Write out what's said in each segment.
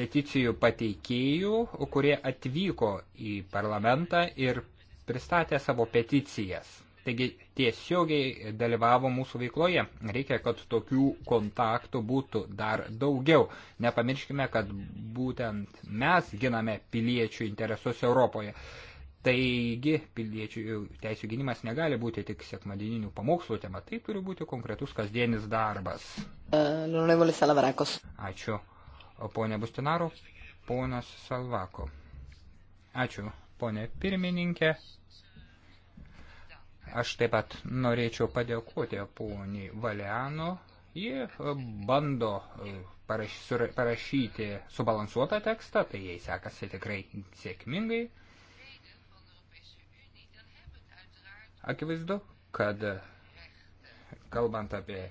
peticijų pateikėjų, kurie atvyko į parlamentą ir pristatė savo peticijas. Taigi tiesiogiai dalyvavo mūsų veikloje. Reikia, kad tokių kontaktų būtų dar daugiau. Nepamirškime, kad būtent mes giname piliečių interesus Europoje. Taigi piliečių teisų gynimas negali būti tik sekmadieninių pamokslų tema, tai turi būti konkretus kasdienis darbas. Eh, Ačiū ponė Bustinaro, ponas Salvako. Ačiū, ponė pirmininkė. Aš taip pat norėčiau padėkoti poniai Valiano. Ji bando e, parašyti subalansuotą tekstą, tai jai sekasi tikrai sėkmingai. Akivaizdu, kad kalbant apie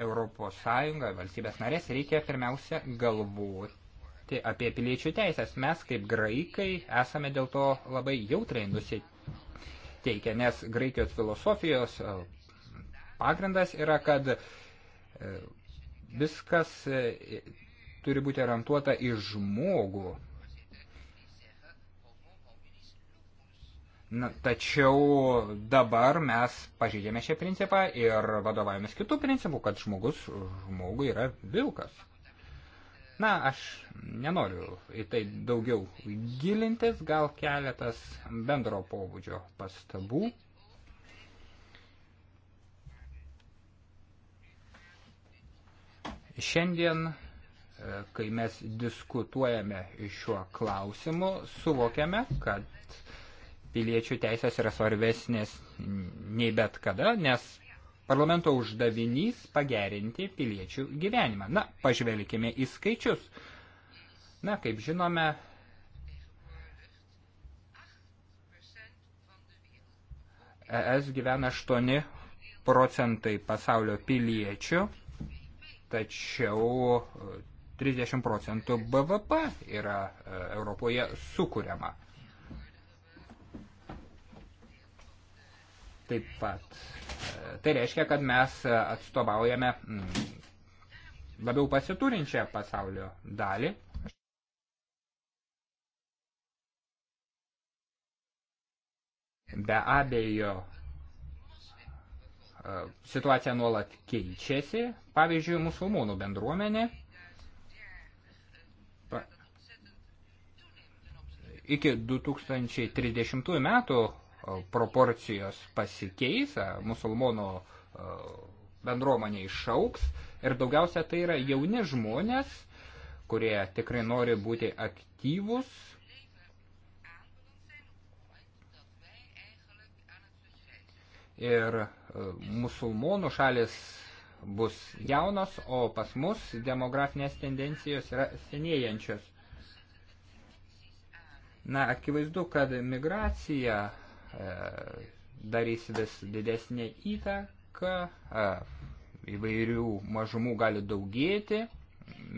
Europos Sąjungą, valstybės narės, reikia pirmiausia galvoti apie piliečių teisės. Mes kaip graikai esame dėl to labai jautrai nusiteikę, nes graikijos filosofijos e, pagrindas yra, kad e, viskas e, turi būti orientuota į žmogų, Na, tačiau dabar mes pažeidėme šią principą ir vadovavomės kitų principų, kad žmogus žmogui yra vilkas. Na, aš nenoriu į tai daugiau gilintis, gal keletas bendro pobūdžio pastabų. Šiandien, e, kai mes diskutuojame šiuo klausimu, suvokiame, kad piliečių teisės yra svarbesnės nei bet kada, nes parlamento uždavinys pagerinti piliečių gyvenimą. Na, pažvelkime į skaičius. Na, kaip žinome, ES gyvena 8 procentai pasaulio piliečių, tačiau 30 e, procentų BVP yra e, Europoje sukūriama. taip pat. Tai reiškia, kad mes atstovaujame mm, labiau pasiturinčią pasaulio dalį. Be abejo, e, situacija nuolat keičiasi. Pavyzdžiui, musulmonų bendruomenė iki 2030 metų E, proporcijos pasikeis, e, musulmonų e, bendruomenė išauks ir daugiausia tai yra jauni žmonės, kurie tikrai nori būti aktyvus. Ir musulmonų šalis bus jaunos, o pas mus demografinės tendencijos yra senėjančios. Na, akivaizdu, kad migracija E, darys vis didesnė įtaka, e, įvairių mažumų gali daugėti.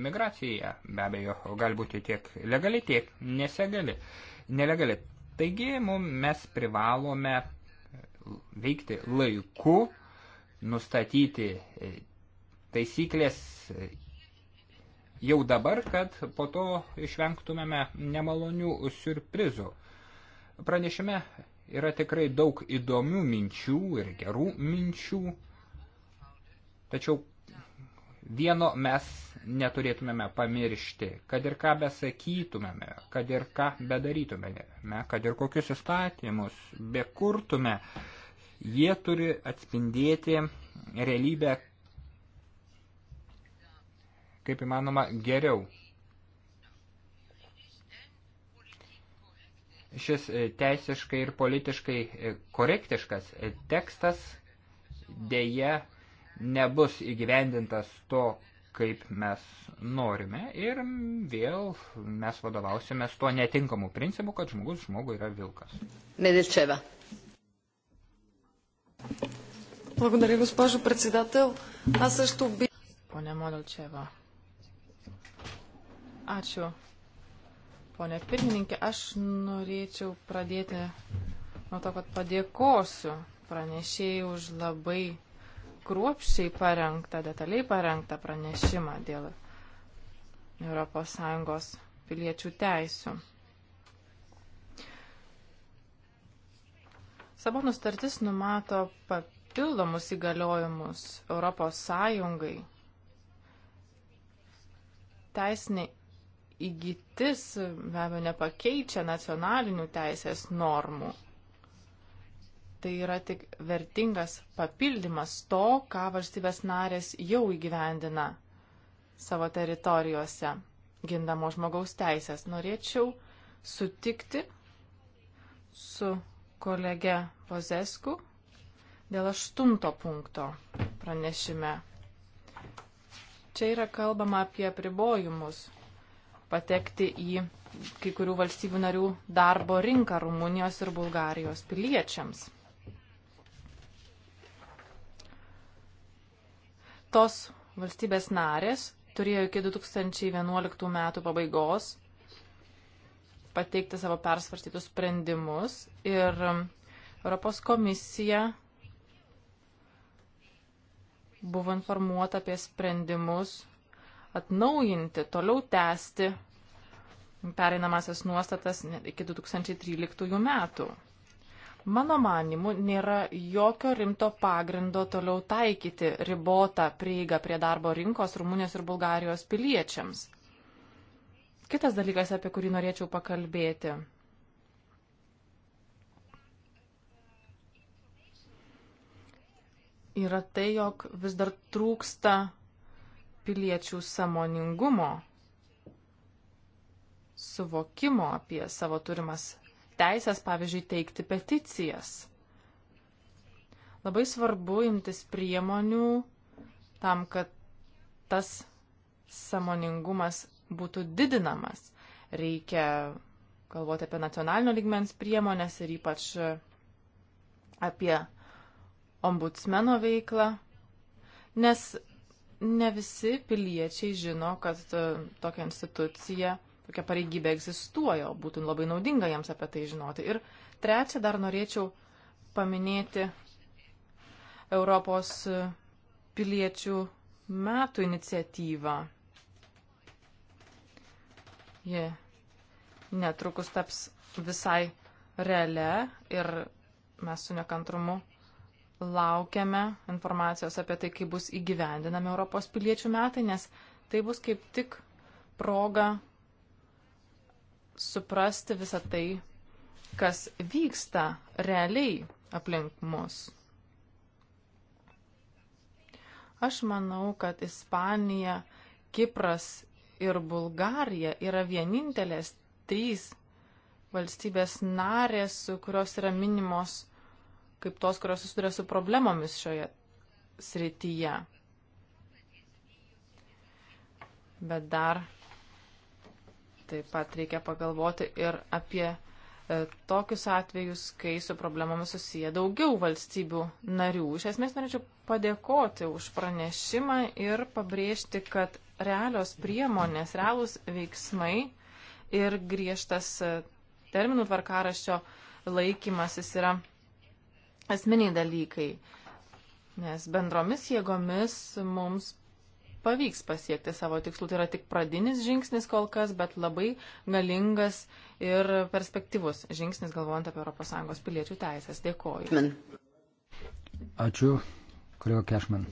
Migracija be abejo gali būti tiek legali, tiek nesegali, nelegali. Taigi mes privalome veikti laiku, nustatyti e, taisyklės jau dabar, kad po to išvengtumėme nemalonių surprizų. Pranešime Yra tikrai daug įdomių minčių ir gerų minčių, tačiau vieno mes neturėtumėme pamiršti, kad ir ką besakytumėme, kad ir ką bedarytumėme, kad ir kokius įstatymus bekurtume, jie turi atspindėti realybę kaip įmanoma geriau. šis e, teisiškai ir politiškai e, korektiškas e, tekstas dėje nebus įgyvendintas to, kaip mes norime ir vėl mes vadovausime tuo netinkamu principu, kad žmogus žmogui yra vilkas. Недельчева. Благодаря, госпожо председател. Аз също би... Поне Модълчева. Ачо, Pone pirmininkė, aš norėčiau pradėti nuo to, kad padėkosiu pranešėjai už labai kruopščiai parengtą, detaliai parengtą pranešimą dėl ES piliečių teisių. Sabonų startis numato papildomus įgaliojimus ES teisiniai įgytis be abejo nepakeičia nacionalinių teisės normų. Tai yra tik vertingas papildymas to, ką valstybės narės jau įgyvendina savo teritorijose gindamo žmogaus teisės. Norėčiau sutikti su kolege Pozesku dėl aštunto punkto pranešime. Čia yra kalbama apie pribojimus patekti į kai kurių valstybių narių darbo rinką Rumunijos ir Bulgarijos piliečiams. Tos valstybės narės turėjo iki 2011 metų pabaigos pateikti savo persvarstytus sprendimus ir Europos komisija buvo informuota apie sprendimus atnaujinti, toliau tęsti pereinamasias nuostatas iki 2013 metų. Mano manimu, nėra jokio rimto pagrindo toliau taikyti ribotą prieigą prie darbo rinkos Rumunijos ir Bulgarijos piliečiams. Kitas dalykas, apie kurį norėčiau pakalbėti, yra tai, jog vis dar trūksta piliečių samoningumo, suvokimo apie savo turimas teisės, pavyzdžiui, teikti peticijas. Labai svarbu imtis priemonių tam, kad tas samoningumas būtų didinamas. Reikia galvoti apie nacionalinio ligmens priemonės ir ypač apie ombudsmeno veiklą, nes ne visi piliečiai žino, kad e, tokia institucija, tokia pareigybė egzistuoja, o būtų labai naudinga jiems apie tai žinoti. Ir trečia, dar norėčiau paminėti Europos piliečių metų iniciatyvą. Ji netrukus taps visai realia ir mes su nekantrumu laukiame informacijos apie tai, kaip bus įgyvendinami Europos piliečių metai, nes tai bus kaip tik proga suprasti visą tai, kas vyksta realiai aplink mus. Aš manau, kad Ispanija, Kipras ir Bulgarija yra vienintelės trys valstybės narės, kurios yra minimos kaip tos, kurios susiduria su problemomis šioje srityje. Bet dar taip pat reikia pagalvoti ir apie e, tokius atvejus, kai su problemomis susiję daugiau valstybių narių. Iš esmės norėčiau padėkoti už pranešimą ir pabrėžti, kad realios priemonės, realūs veiksmai ir griežtas e, terminų tvarkaraščio laikymasis yra esminiai dalykai, nes bendromis jėgomis mums pavyks pasiekti savo tikslų. Tai yra tik pradinis žingsnis kol kas, bet labai galingas ir perspektyvus žingsnis, galvojant apie ES piliečių teisės. Dėkoju. Ačiū, kurio Kešman.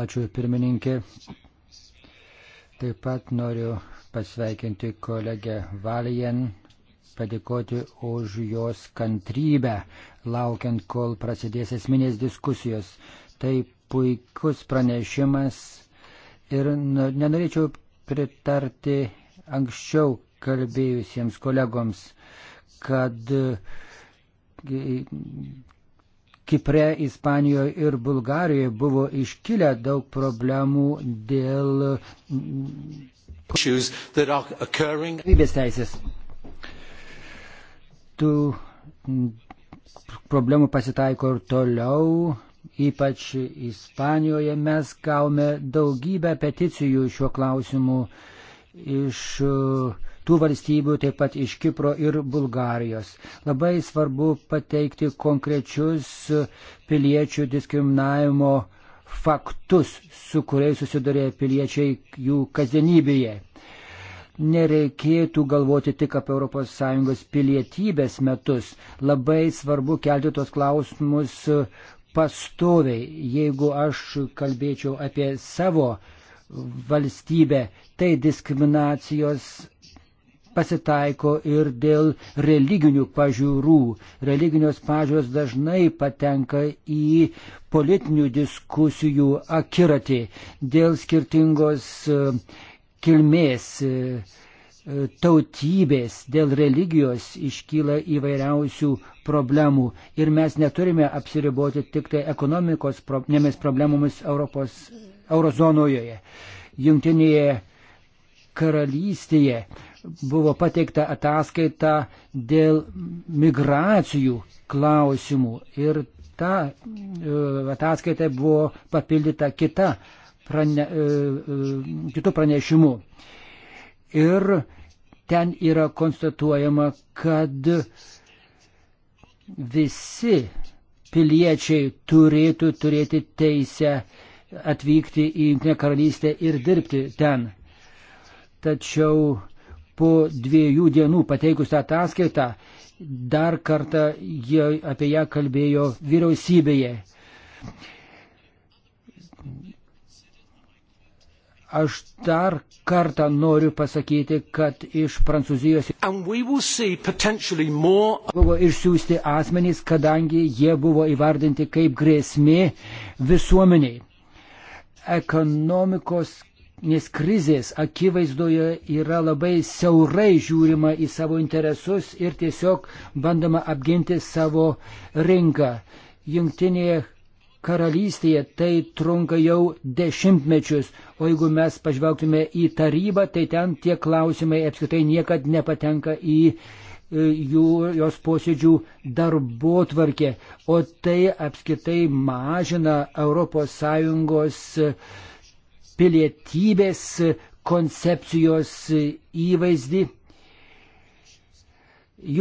Ačiū, pirmininkė. Taip pat noriu pasveikinti kolegę Valijan padėkoti už jos kantrybę, laukiant, kol prasidės esminės diskusijos. Tai puikus pranešimas ir nu, nenorėčiau pritarti anksčiau kalbėjusiems kolegoms, kad e, Kipre, Ispanijoje ir Bulgarijoje buvo iškilę daug problemų dėl gyvybės teisės. Tų problemų pasitaiko ir toliau, ypač Ispanijoje mes gavome daugybę peticijų šiuo klausimu iš tų valstybių, taip pat iš Kipro ir Bulgarijos. Labai svarbu pateikti konkrečius piliečių diskriminavimo faktus, su kuriais susidurė piliečiai jų kasdienybėje nereikėtų galvoti tik apie ES pilietybės metus. Labai svarbu kelti tos klausimus pastoviai. Jeigu aš kalbėčiau apie savo valstybę, tai diskriminacijos pasitaiko ir dėl religinių pažiūrų. Religinios pažiūros dažnai patenka į politinių diskusijų akiratį dėl skirtingos uh, kilmės, e, e, tautybės, dėl religijos iškyla įvairiausių problemų ir mes neturime apsiriboti tik tai ekonomikos problemėmis, problemomis Europos, eurozonoje. Jungtinėje karalystėje buvo pateikta ataskaita dėl migracijų klausimų ir ta e, ataskaita buvo papildyta kita prane, e, e, kitų pranešimų. Ir ten yra konstatuojama, kad visi piliečiai turėtų turėti teisę atvykti į Junktinę karalystę ir dirbti ten. Tačiau po dviejų dienų pateikus tą ataskaitą, dar kartą jie apie ją kalbėjo vyriausybėje. Aš dar kartą noriu pasakyti, kad iš Prancūzijos more... buvo išsiųsti asmenys, kadangi jie buvo įvardinti kaip grėsmė visuomeniai. Ekonomikos nes krizės akivaizdoje yra labai siaurai žiūrima į savo interesus ir tiesiog bandoma apginti savo rinką. Jungtinėje karalystėje tai trunka jau dešimtmečius, o jeigu mes pažvelgtume į tarybą, tai ten tie klausimai apskritai niekad nepatenka į e, jų, jos posėdžių darbo tvarkė, o tai apskritai mažina ES pilietybės koncepcijos įvaizdį.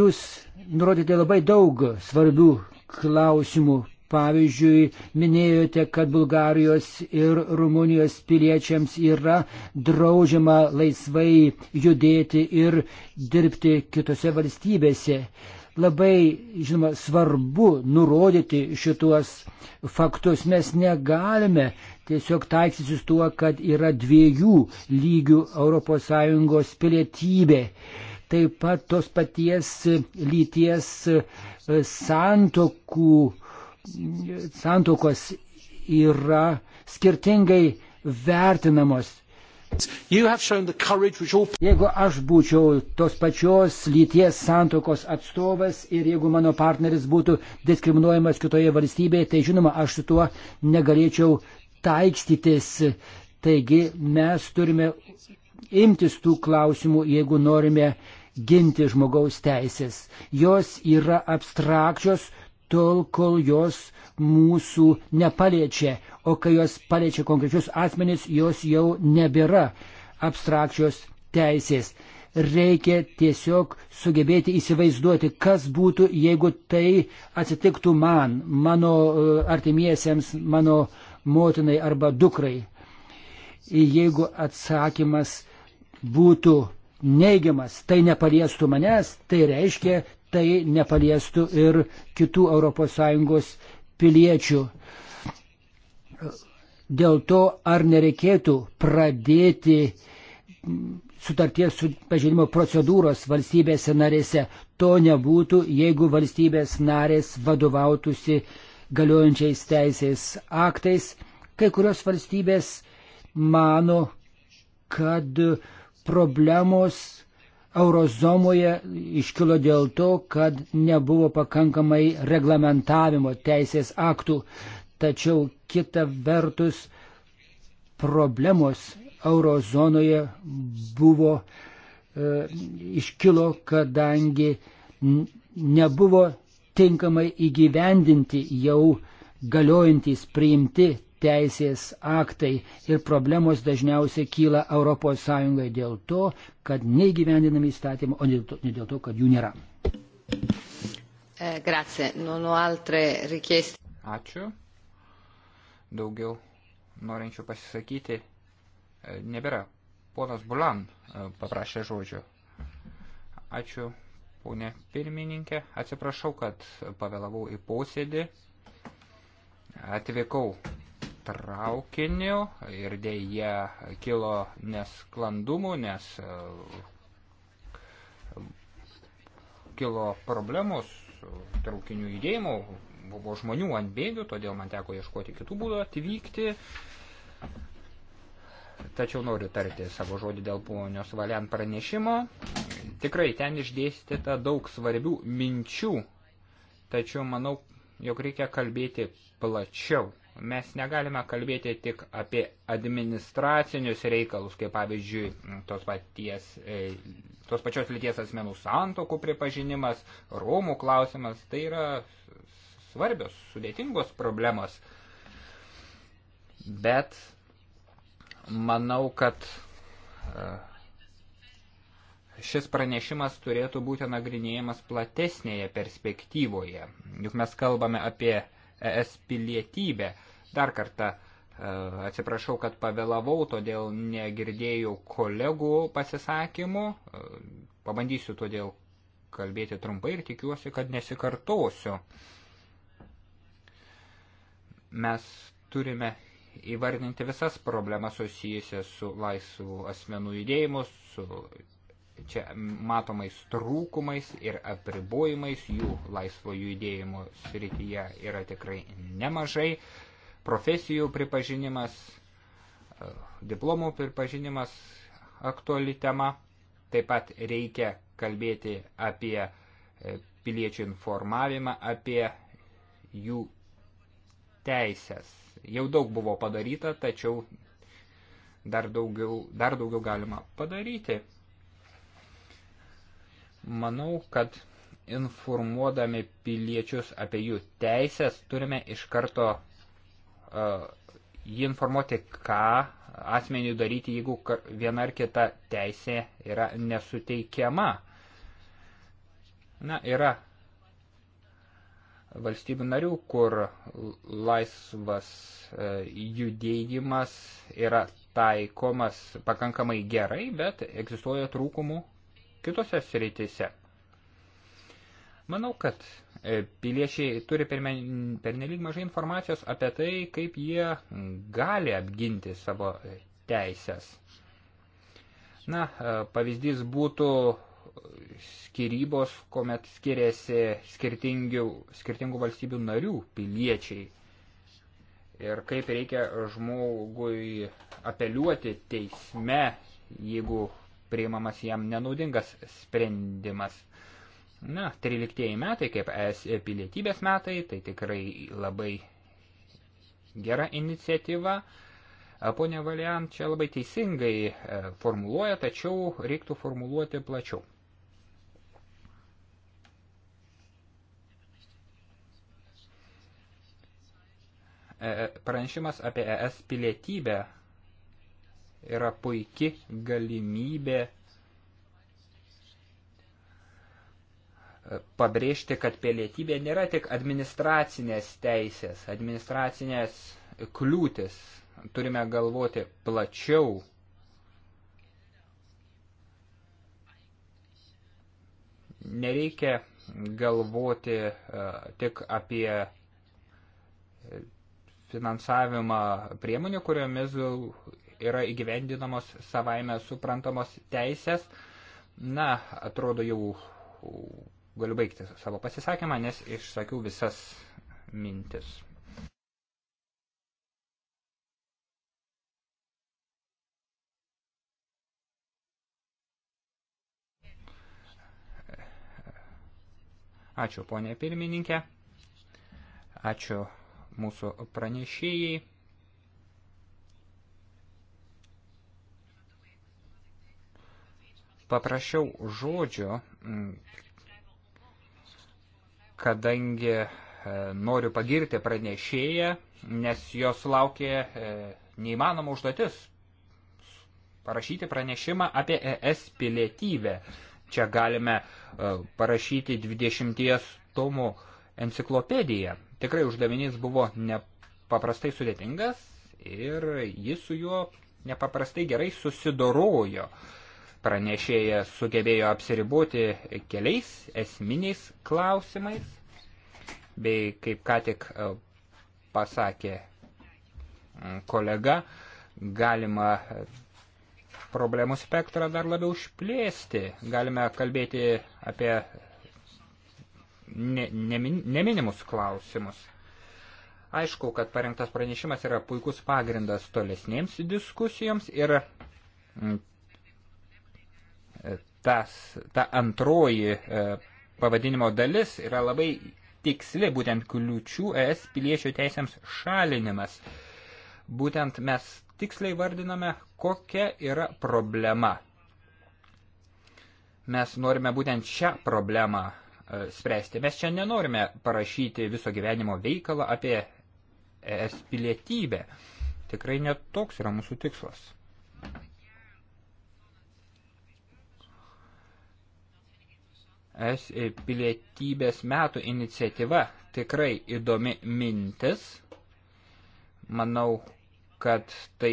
Jūs nurodėte labai daug svarbių klausimų, Pavyzdžiui, minėjote, kad Bulgarijos ir Rumunijos piliečiams yra draudžiama laisvai judėti ir dirbti kitose valstybėse. Labai, žinoma, svarbu nurodyti šituos faktus. Mes negalime tiesiog taiksytis su tuo, kad yra dviejų lygių ES pilietybė. Taip pat tos paties lyties e, santokų santokos yra skirtingai vertinamos. Jeigu aš būčiau tos pačios lyties santokos atstovas ir jeigu mano partneris būtų diskriminuojamas kitoje valstybėje, tai žinoma, aš su tuo negalėčiau taikstytis. Taigi mes turime imtis tų klausimų, jeigu norime ginti žmogaus teisės. Jos yra abstrakčios, tol, kol jos mūsų nepaliečia, o kai jos paliečia konkrečius asmenys, jos jau nebėra abstrakčios teisės. Reikia tiesiog sugebėti įsivaizduoti, kas būtų, jeigu tai atsitiktų man, mano e, artimiesiems, mano motinai arba dukrai. Jeigu atsakymas būtų neigiamas, tai nepaliestų manęs, tai reiškia, tai nepaliestų ir kitų ES piliečių. Dėl to ar nereikėtų pradėti sutarties pažinimo procedūros valstybėse narėse. To nebūtų, jeigu valstybės narės vadovautųsi galiojančiais teisės aktais. Kai kurios valstybės mano, kad problemos eurozomoje iškilo dėl to, kad nebuvo pakankamai reglamentavimo teisės aktų, tačiau kita vertus problemos eurozonoje buvo e, iškilo, kadangi nebuvo tinkamai įgyvendinti jau galiojantys priimti teisės aktai ir problemos dažniausiai kyla ES dėl to, kad neįgyvendinami įstatymai, o ne dėl to, kad jų nėra. E, grazie, non ho altre richieste. Ačiū. Daugiau norinčių pasisakyti e, nebėra. Ponas Bulan e, paprašė žodžio. Ačiū, ponė pirmininkė. Atsiprašau, kad pavėlavau į posėdį. Atvykau traukiniu ir dėja kilo nesklandumų, nes e, kilo problemos traukinių judėjimų, buvo žmonių ant bėgių, todėl man teko ieškoti kitų būdų atvykti. Tačiau noriu tarti savo žodį dėl ponios Valian pranešimo. Tikrai ten išdėstyta daug svarbių minčių, tačiau manau, jog reikia kalbėti plačiau. Mes negalime kalbėti tik apie administracinius reikalus, kaip pavyzdžiui tos, paties, e, tos pačios lyties asmenų santokų pripažinimas, rūmų klausimas. Tai yra svarbios, sudėtingos problemos. Bet manau, kad e, šis pranešimas turėtų būti nagrinėjamas platesnėje perspektyvoje. Juk mes kalbame apie ES pilietybę. Dar kartą e, atsiprašau, kad pavėlavau, todėl negirdėjau kolegų pasisakymų. E, pabandysiu todėl kalbėti trumpai ir tikiuosi, kad nesikartosiu. Mes turime įvardinti visas problemas susijusias su laisvų asmenų judėjimu, su čia matomais trūkumais ir apribojimais jų laisvo judėjimo srityje yra tikrai nemažai. Profesijų pripažinimas, e, diplomų pripažinimas aktuali tema. Taip pat reikia kalbėti apie e, piliečių informavimą, apie jų teisės. Jau daug buvo padaryta, tačiau dar daugiau, dar daugiau galima padaryti. Manau, kad informuodami piliečius apie jų teisės turime iš karto uh, jį informuoti, ką asmeniui daryti, jeigu viena ar kita teisė yra nesuteikiama. Na, yra valstybių narių, kur laisvas e, judėjimas yra taikomas pakankamai gerai, bet egzistuoja trūkumų kitose sritise. Manau, kad e, piliečiai turi pernelyg mažai informacijos apie tai, kaip jie gali apginti savo teisės. Na, e, pavyzdys būtų skirybos, kuomet skiriasi skirtingų, skirtingų valstybių narių piliečiai. Ir kaip reikia žmogui apeliuoti teisme, jeigu priimamas jam nenaudingas sprendimas. Na, 13 metai kaip es pilietybės metai, tai tikrai labai gera iniciatyva. Pone Valian čia labai teisingai e, formuluoja, tačiau reiktų formuluoti plačiau. E, e, pranešimas apie ES pilietybę yra puiki galimybė pabrėžti, kad pilietybė nėra tik administracinės teisės, administracinės kliūtis. Turime galvoti plačiau. Nereikia galvoti uh, tik apie finansavimą priemonių, kuriomis yra įgyvendinamos savaime suprantamos teisės. Na, atrodo jau galiu baigti savo pasisakymą, nes išsakiau visas mintis. Ačiū ponė pirmininkė, ačiū mūsų pranešėjai. paprašiau žodžio, mm, kadangi e, noriu pagirti pranešėją, nes jos laukė e, neįmanoma užduotis parašyti pranešimą apie ES pilietybę. Čia galime e, parašyti 20 tomų enciklopediją. Tikrai uždavinys buvo nepaprastai sudėtingas ir jis su juo nepaprastai gerai susidorojo. Uh, pranešėja sugebėjo apsiriboti keliais esminiais klausimais, bei kaip ką tik e, pasakė kolega, galima e, problemų spektrą dar labiau išplėsti. Galime kalbėti apie ne, ne, neminimus klausimus. Aišku, kad parengtas pranešimas yra puikus pagrindas tolesnėms diskusijoms ir tas, ta antroji e, pavadinimo dalis yra labai tiksli, būtent kliučių ES piliečių teisėms šalinimas. Būtent mes tiksliai vardiname, kokia yra problema. Mes norime būtent šią problemą e, spręsti. Mes čia nenorime parašyti viso gyvenimo veikalą apie ES pilietybę. Tikrai netoks yra mūsų tikslas. es pilietybės metų iniciatyva tikrai įdomi mintis. Manau, kad tai,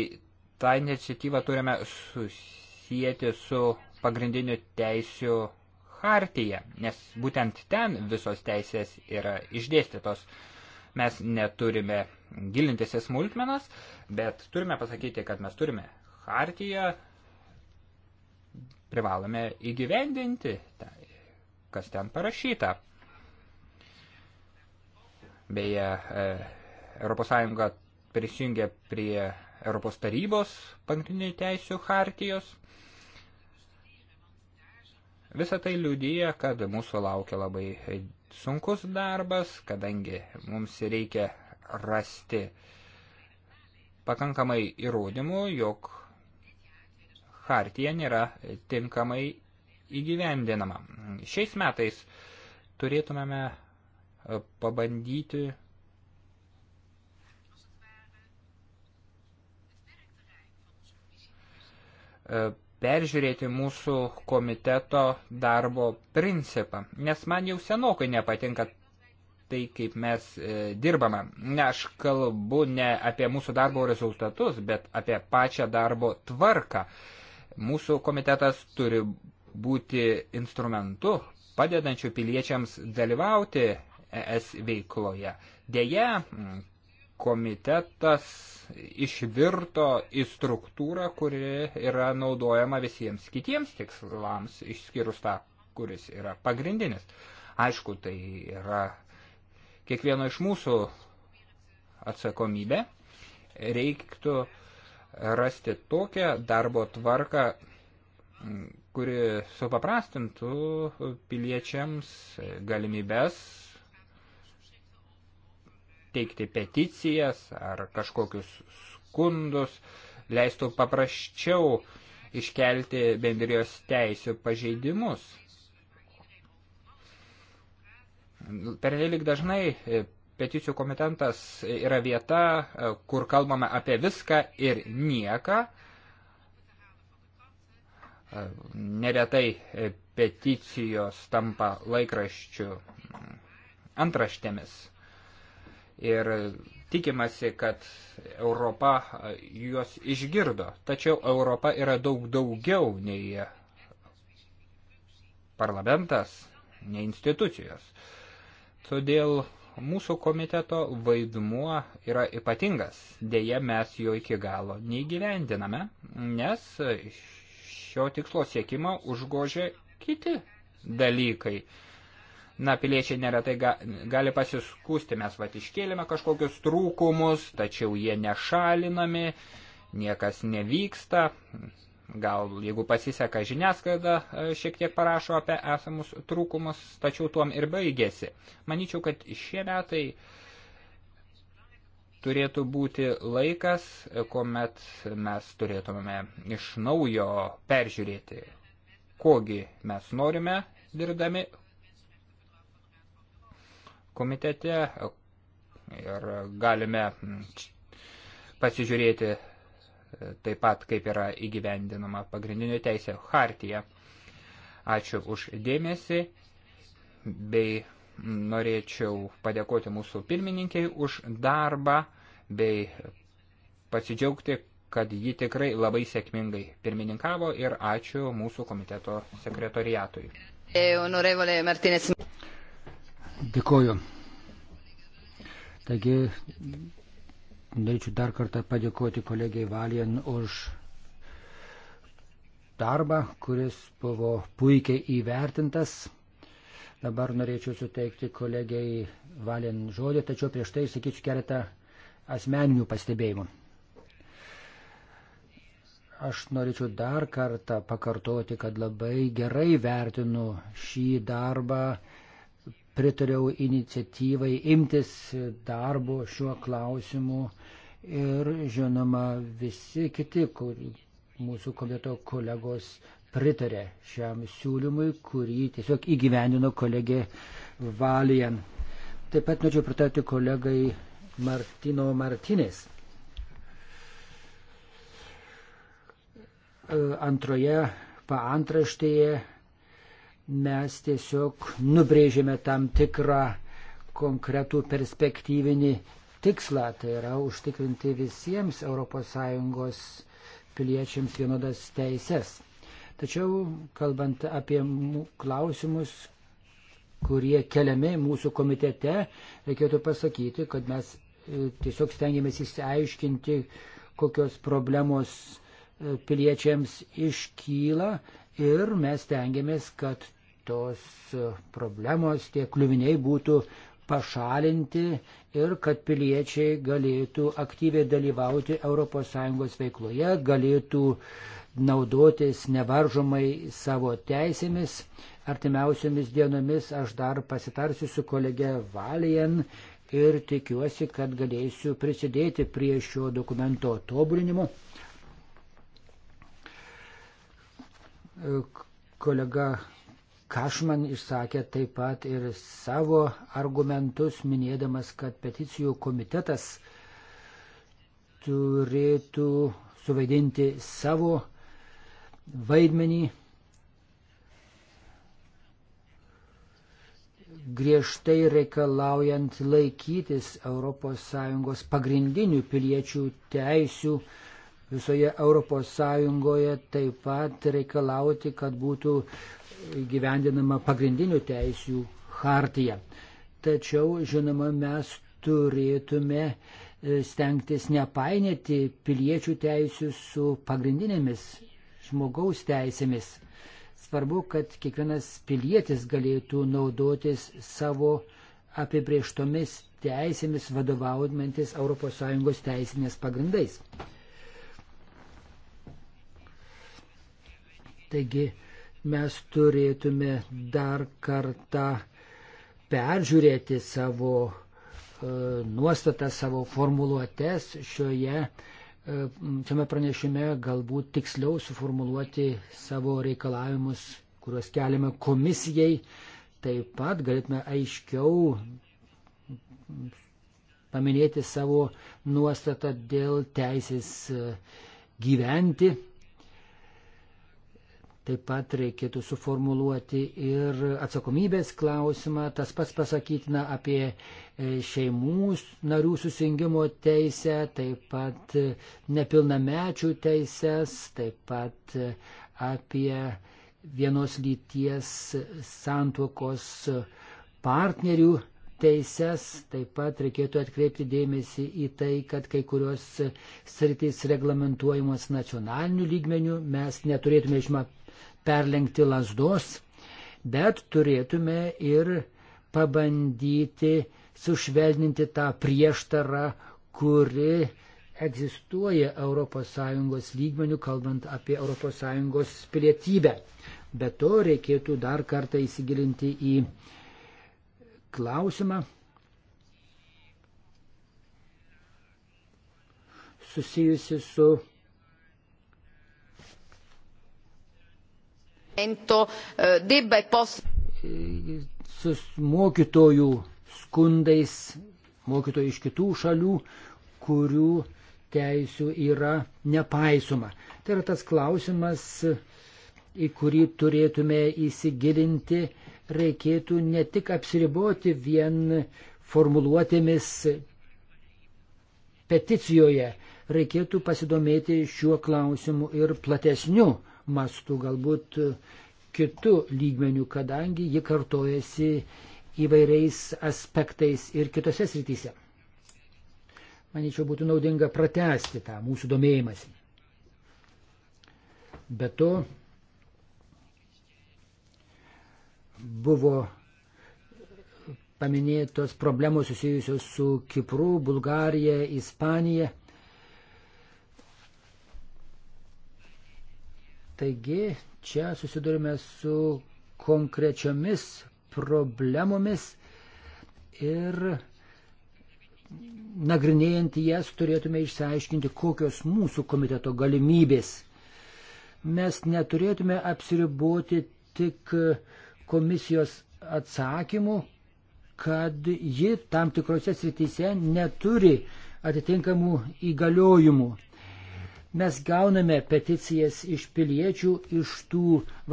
tą iniciatyvą turime susijęti su pagrindiniu teisių hartyje, nes būtent ten visos teisės yra išdėstytos. Mes neturime gilintis į smulkmenas, bet turime pasakyti, kad mes turime hartiją, privalome įgyvendinti kas ten parašyta. Beje, ES prisijungė prie Europos tarybos pagrindinių teisių hartijos. Visą tai liudyja, kad mūsų laukia labai sunkus darbas, kadangi mums reikia rasti pakankamai įrodymų, jog hartija nėra tinkamai įgyvendinama. Šiais metais turėtumėme e, pabandyti e, peržiūrėti mūsų komiteto darbo principą, nes man jau senokai nepatinka tai, kaip mes e, dirbame. Ne, aš kalbu ne apie mūsų darbo rezultatus, bet apie pačią darbo tvarką. Mūsų komitetas turi būti instrumentu, padedančiu piliečiams dalyvauti ES veikloje. Deja, komitetas išvirto į struktūrą, kuri yra naudojama visiems kitiems tikslams, išskyrus tą, kuris yra pagrindinis. Aišku, tai yra kiekvieno iš mūsų atsakomybė. Reiktų rasti tokią darbo tvarką, kuri supaprastintų piliečiams galimybės teikti peticijas ar kažkokius skundus, leistų paprasčiau iškelti bendrijos teisių pažeidimus. Per nelik dažnai peticijų komitentas yra vieta, kur kalbame apie viską ir nieką, Neretai e, peticijos tampa laikraščių mm, antraštėmis. Ir tikimasi, kad Europa e, juos išgirdo. Tačiau Europa yra daug daugiau nei e, parlamentas, nei institucijos. Todėl mūsų komiteto vaidmuo yra ypatingas. Deja, mes jo iki galo neįgyvendiname, nes šio tikslo siekimą užgožia kiti dalykai. Na, piliečiai neretai ga, gali pasiskūsti, mes va iškėlėme kažkokius trūkumus, tačiau jie nešalinami, niekas nevyksta. Gal jeigu pasiseka žiniasklaida, e, šiek tiek parašo apie esamus trūkumus, tačiau tuom ir baigėsi. Manyčiau, kad šie metai uh, turėtų būti laikas, kuomet mes turėtumėme iš naujo peržiūrėti, kogi mes norime dirbdami komitete ir galime pasižiūrėti taip pat, kaip yra įgyvendinama pagrindinio teisė Hartija. Ačiū už dėmesį bei norėčiau padėkoti mūsų pirmininkiai už darbą bei pasidžiaugti, kad ji tikrai labai sėkmingai pirmininkavo ir ačiū mūsų komiteto sekretoriatui. E, Dėkoju. Taigi, norėčiau dar kartą padėkoti kolegiai Valien už darbą, kuris buvo puikiai įvertintas. Dabar norėčiau suteikti kolegiai Valien žodį, tačiau prieš tai sakyčiau keletą asmeninių pastebėjimų. Aš norėčiau dar kartą pakartoti, kad labai gerai vertinu šį darbą, pritariau iniciatyvai imtis darbo šiuo klausimu ir žinoma visi kiti kur, mūsų komiteto kolegos pritarė šiam siūlymui, kurį tiesiog įgyvendino kolegė Valijan. Taip pat norėčiau pritarti kolegai Martino Martinės. E, antroje paantraštėje mes tiesiog nubrėžėme tam tikrą konkretų perspektyvinį tikslą, tai yra užtikrinti visiems ES piliečiams vienodas teises. Tačiau, kalbant apie klausimus, kurie keliami mūsų komitete, reikėtų pasakyti, kad mes e, tiesiog stengiamės įsiaiškinti, kokios problemos e, piliečiams iškyla ir mes tengiamės, kad tos e, problemos, tie kliuviniai būtų pašalinti ir kad piliečiai galėtų aktyviai dalyvauti ES veikloje, galėtų uh, naudotis nevaržomai savo teisėmis. Artimiausiomis dienomis aš dar pasitarsiu su kolege Valijan ir tikiuosi, kad galėsiu prisidėti prie šio dokumento tobulinimo. Kolega Kašman išsakė taip pat ir savo argumentus, minėdamas, kad peticijų komitetas turėtų suvaidinti savo vaidmenį griežtai reikalaujant laikytis ES pagrindinių piliečių teisių visoje ES, taip pat reikalauti, kad būtų gyvendinama pagrindinių teisių hartija. Tačiau, žinoma, mes turėtume e, stengtis nepainėti piliečių teisių su pagrindinėmis žmogaus teisėmis. Svarbu, kad kiekvienas pilietis galėtų naudotis savo apibrieštomis teisėmis vadovaujantis ES teisinės pagrindais. Taigi mes turėtume dar kartą peržiūrėti savo e, nuostatas, savo formuluotės šioje E, šiame pranešime galbūt tiksliau suformuluoti savo reikalavimus, kuriuos keliame komisijai. Taip pat galėtume aiškiau paminėti savo nuostatą dėl teisės e, gyventi Taip pat reikėtų suformuluoti ir atsakomybės klausimą, tas pats pasakytina apie e, šeimų narių susijungimo teisę, taip pat e, nepilnamečių teises, taip pat e, apie vienos lyties santuokos partnerių teises, taip pat reikėtų atkreipti dėmesį į tai, kad kai kurios sritys reglamentuojamos nacionaliniu lygmeniu, mes neturėtume žima, perlenkti lasdos, bet turėtume ir pabandyti sušvelninti tą prieštarą, kuri egzistuoja ES lygmenių, kalbant apie ES pilietybę. Be to reikėtų dar kartą įsigilinti į klausimą susijusi su E, debba e possa. Su mokytojų skundais, mokytojų iš kitų šalių, kurių teisių yra nepaisoma. Tai yra tas klausimas, į kurį turėtume įsigilinti, reikėtų ne tik apsiriboti vien formuluotėmis peticijoje, reikėtų pasidomėti šiuo klausimu ir platesniu mastu, galbūt kitų lygmenių, kadangi ji kartojasi įvairiais aspektais ir kitose srityse. Maničiau, būtų naudinga pratesti tą mūsų domėjimąsi. Be to, buvo paminėtos problemos susijusios su Kipru, Bulgarija, Ispanija. Taigi čia susidurime su konkrečiomis problemomis ir nagrinėjant jas turėtume išsiaiškinti, kokios mūsų komiteto galimybės. Mes neturėtume apsiriboti tik komisijos atsakymu, kad ji tam tikrose srityse neturi atitinkamų įgaliojimų. Mes gauname peticijas iš piliečių, iš tų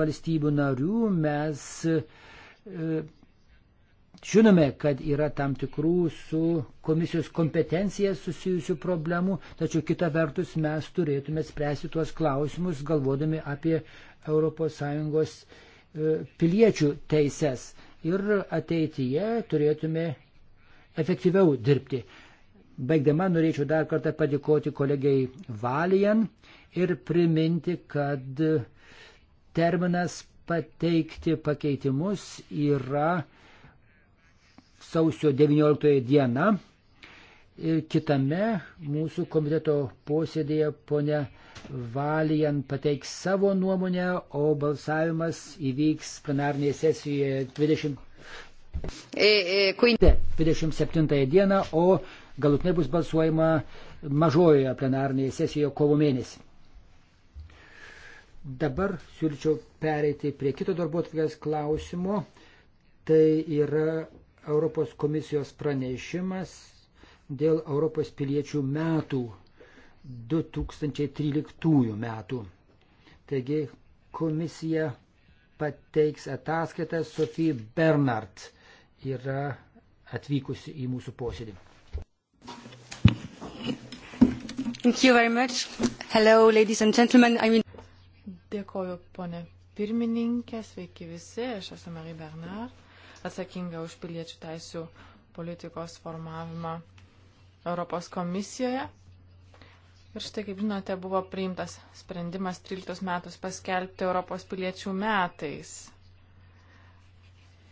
valstybių narių, mes e, žinome, kad yra tam tikrų su komisijos kompetencija susijusių problemų, tačiau kita vertus mes turėtume spręsti tuos klausimus galvodami apie ES e, piliečių teises ir ateityje turėtume efektyviau dirbti. Baigdama norėčiau dar kartą padėkoti kolegiai Valijan ir priminti, kad terminas pateikti pakeitimus yra sausio 19 diena. Ir kitame mūsų komiteto posėdėje ponia Valijan pateiks savo nuomonę, o balsavimas įvyks plenarnėje sesijoje 20... 27 e, e, dieną, o galutinai bus balsuojama mažojoje plenarnėje sesijoje kovo mėnesį. Dabar siūlyčiau pereiti prie kito darbo atvykęs klausimo. Tai yra Europos komisijos pranešimas dėl Europos piliečių metų 2013 metų. Taigi komisija pateiks ataskaitą Sofija Bernard yra atvykusi į mūsų posėdį. Thank you very much. Hello, ladies and gentlemen. I mean... Dėkoju, ponė pirmininkė, sveiki visi, aš esu Marie Bernard, atsakinga už piliečių teisų politikos formavimą Europos komisijoje. Ir štai, kaip žinote, buvo priimtas sprendimas 13 metus paskelbti Europos piliečių metais.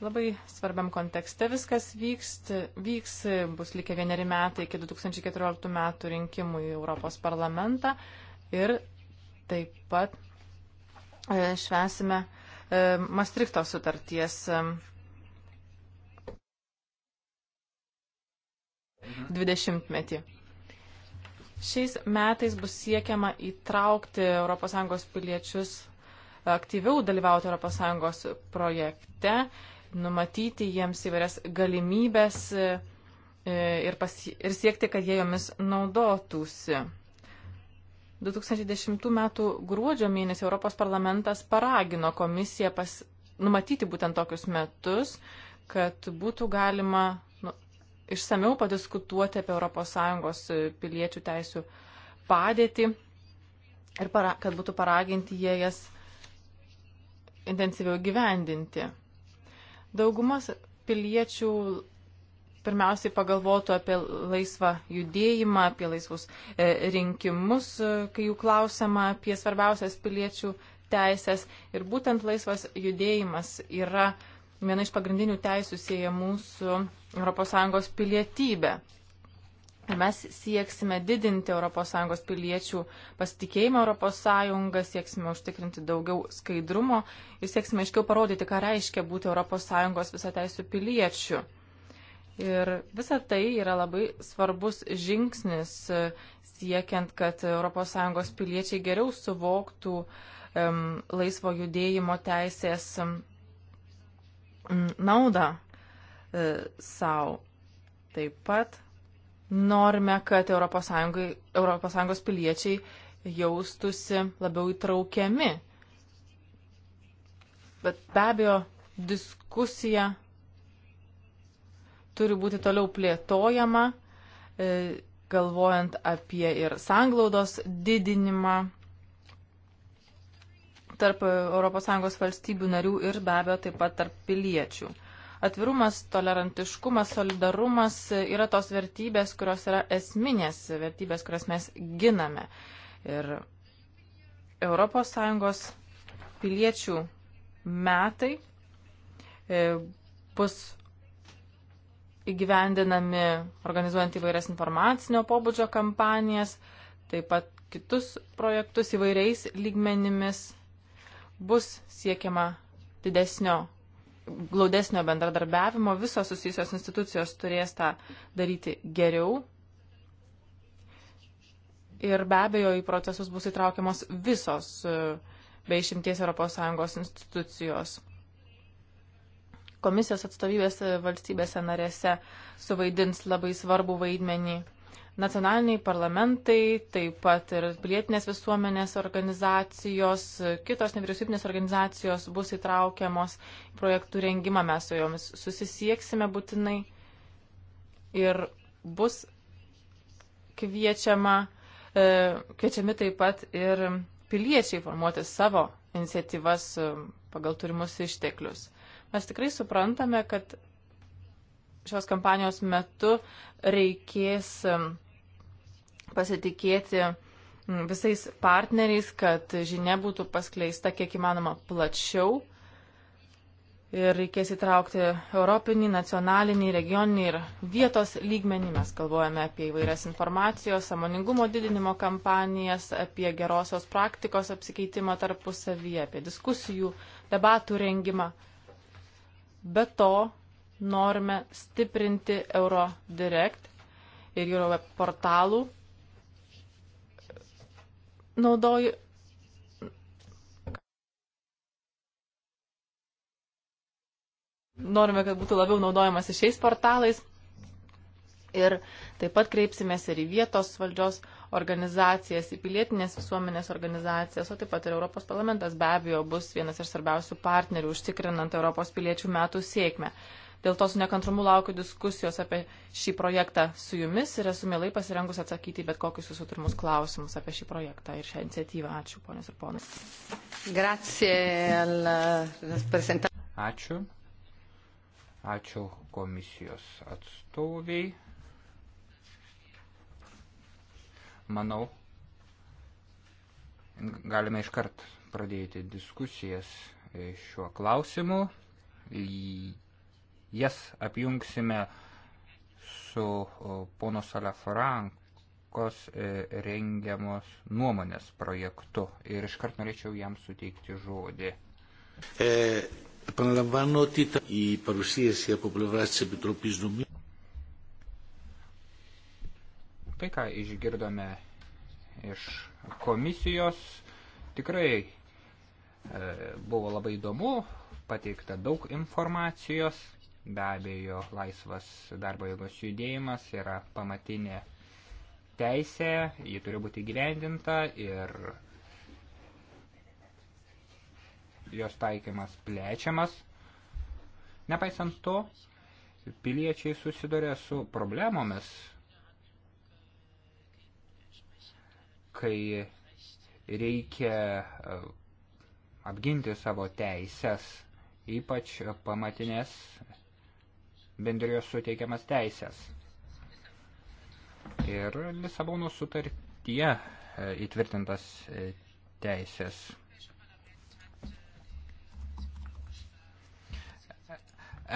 Labai svarbiam kontekste viskas vyks, vyks bus likę vieneri metai iki 2014 metų rinkimų į Europos parlamentą ir taip pat e, švesime e, Mastrikto sutarties 20-metį. E, Šiais metais bus siekiama įtraukti ES piliečius aktyviau dalyvauti ES projekte numatyti jiems įvairias galimybės e, ir, pasie, ir siekti, kad jie jomis naudotųsi. 2010 m. gruodžio mėnesį Europos parlamentas paragino komisiją pas, numatyti būtent tokius metus, kad būtų galima nu, išsameu padiskutuoti apie ES piliečių teisų padėtį ir para, kad būtų paraginti jie jas intensyviau gyvendinti. Daugumas piliečių pirmiausiai pagalvotų apie laisvą judėjimą, apie laisvus e, rinkimus, e, kai jų klausima apie svarbiausias piliečių teisės. Ir būtent laisvas judėjimas yra viena iš pagrindinių teisų siejamų su ES pilietybė. Ir mes sieksime didinti ES piliečių pasitikėjimą ES, sieksime užtikrinti daugiau skaidrumo ir sieksime aiškiau parodyti, ką reiškia būti ES visateisių piliečių. Ir visa tai yra labai svarbus žingsnis e, siekiant, kad ES piliečiai geriau suvoktų um, laisvo judėjimo teisės um, naudą uh, e, savo. Taip pat norime, kad ES, ES piliečiai jaustusi labiau įtraukiami. Bet be abejo, diskusija turi būti toliau plėtojama, e, galvojant apie ir sanglaudos didinimą tarp ES valstybių narių ir be abejo taip pat tarp piliečių. Atvirumas, tolerantiškumas, solidarumas yra tos vertybės, kurios yra esminės vertybės, kurias mes giname. Ir ES piliečių metai e, bus įgyvendinami organizuojant įvairias informacinio pobūdžio kampanijas, taip pat kitus projektus įvairiais lygmenimis bus siekiama didesnio glaudesnio bendradarbiavimo visos susijusios institucijos turės tą daryti geriau. Ir be abejo, į procesus bus įtraukiamos visos e, be išimties ES institucijos. Komisijos atstovybės valstybėse narėse suvaidins labai svarbų vaidmenį nacionaliniai parlamentai, taip pat ir pilietinės visuomenės organizacijos, kitos nevyriausybinės organizacijos bus įtraukiamos projektų rengimą, mes su jomis susisieksime būtinai ir bus kviečiama, e, kviečiami taip pat ir piliečiai formuoti savo iniciatyvas e, pagal turimus išteklius. Mes tikrai suprantame, kad šios kampanijos metu reikės um, pasitikėti mm, visais partneriais, kad žinia būtų paskleista kiek įmanoma plačiau. Ir reikės įtraukti europinį, nacionalinį, regioninį ir vietos lygmenį. Mes kalbojame apie įvairias informacijos, samoningumo didinimo kampanijas, apie gerosios praktikos apsikeitimą tarpusavyje, apie diskusijų, debatų rengimą. Be to norime stiprinti Eurodirect ir Euroweb portalų naudoju. Norime, kad būtų labiau naudojamas šiais portalais. Ir taip pat kreipsimės ir į vietos valdžios organizacijas, į pilietinės visuomenės organizacijas, o taip pat ir Europos parlamentas be abejo bus vienas iš svarbiausių partnerių užtikrinant Europos piliečių metų sėkmę. Dėl to su nekantrumu laukiu diskusijos apie šį projektą su jumis ir esu mielai pasirengus atsakyti bet kokius jūsų turimus klausimus apie šį projektą ir šią iniciatyvą. Ačiū, ponės ir ponai. Grazie. Ačiū. Ačiū komisijos atstoviai. Manau, galime iškart pradėti diskusijas šiuo klausimu. Jas apjungsime su pono Salafrankos e, rengiamos nuomonės projektu. Ir iškart norėčiau jam suteikti žodį. E... Επαναλαμβάνω ότι η παρουσίαση από πλευρά της Επιτροπής Νομής Tai, ką išgirdome iš komisijos, tikrai e, buvo labai įdomu, pateikta daug informacijos, Be abejo, laisvas darbo jėgos judėjimas yra pamatinė teisė, ji turi būti gyvendinta ir jos taikymas plečiamas. Nepaisant to, piliečiai susiduria su problemomis, kai reikia e, apginti savo teises, ypač pamatinės bendrijos suteikiamas teisės. Ir Lisabono sutartyje e, įtvirtintas e, teisės.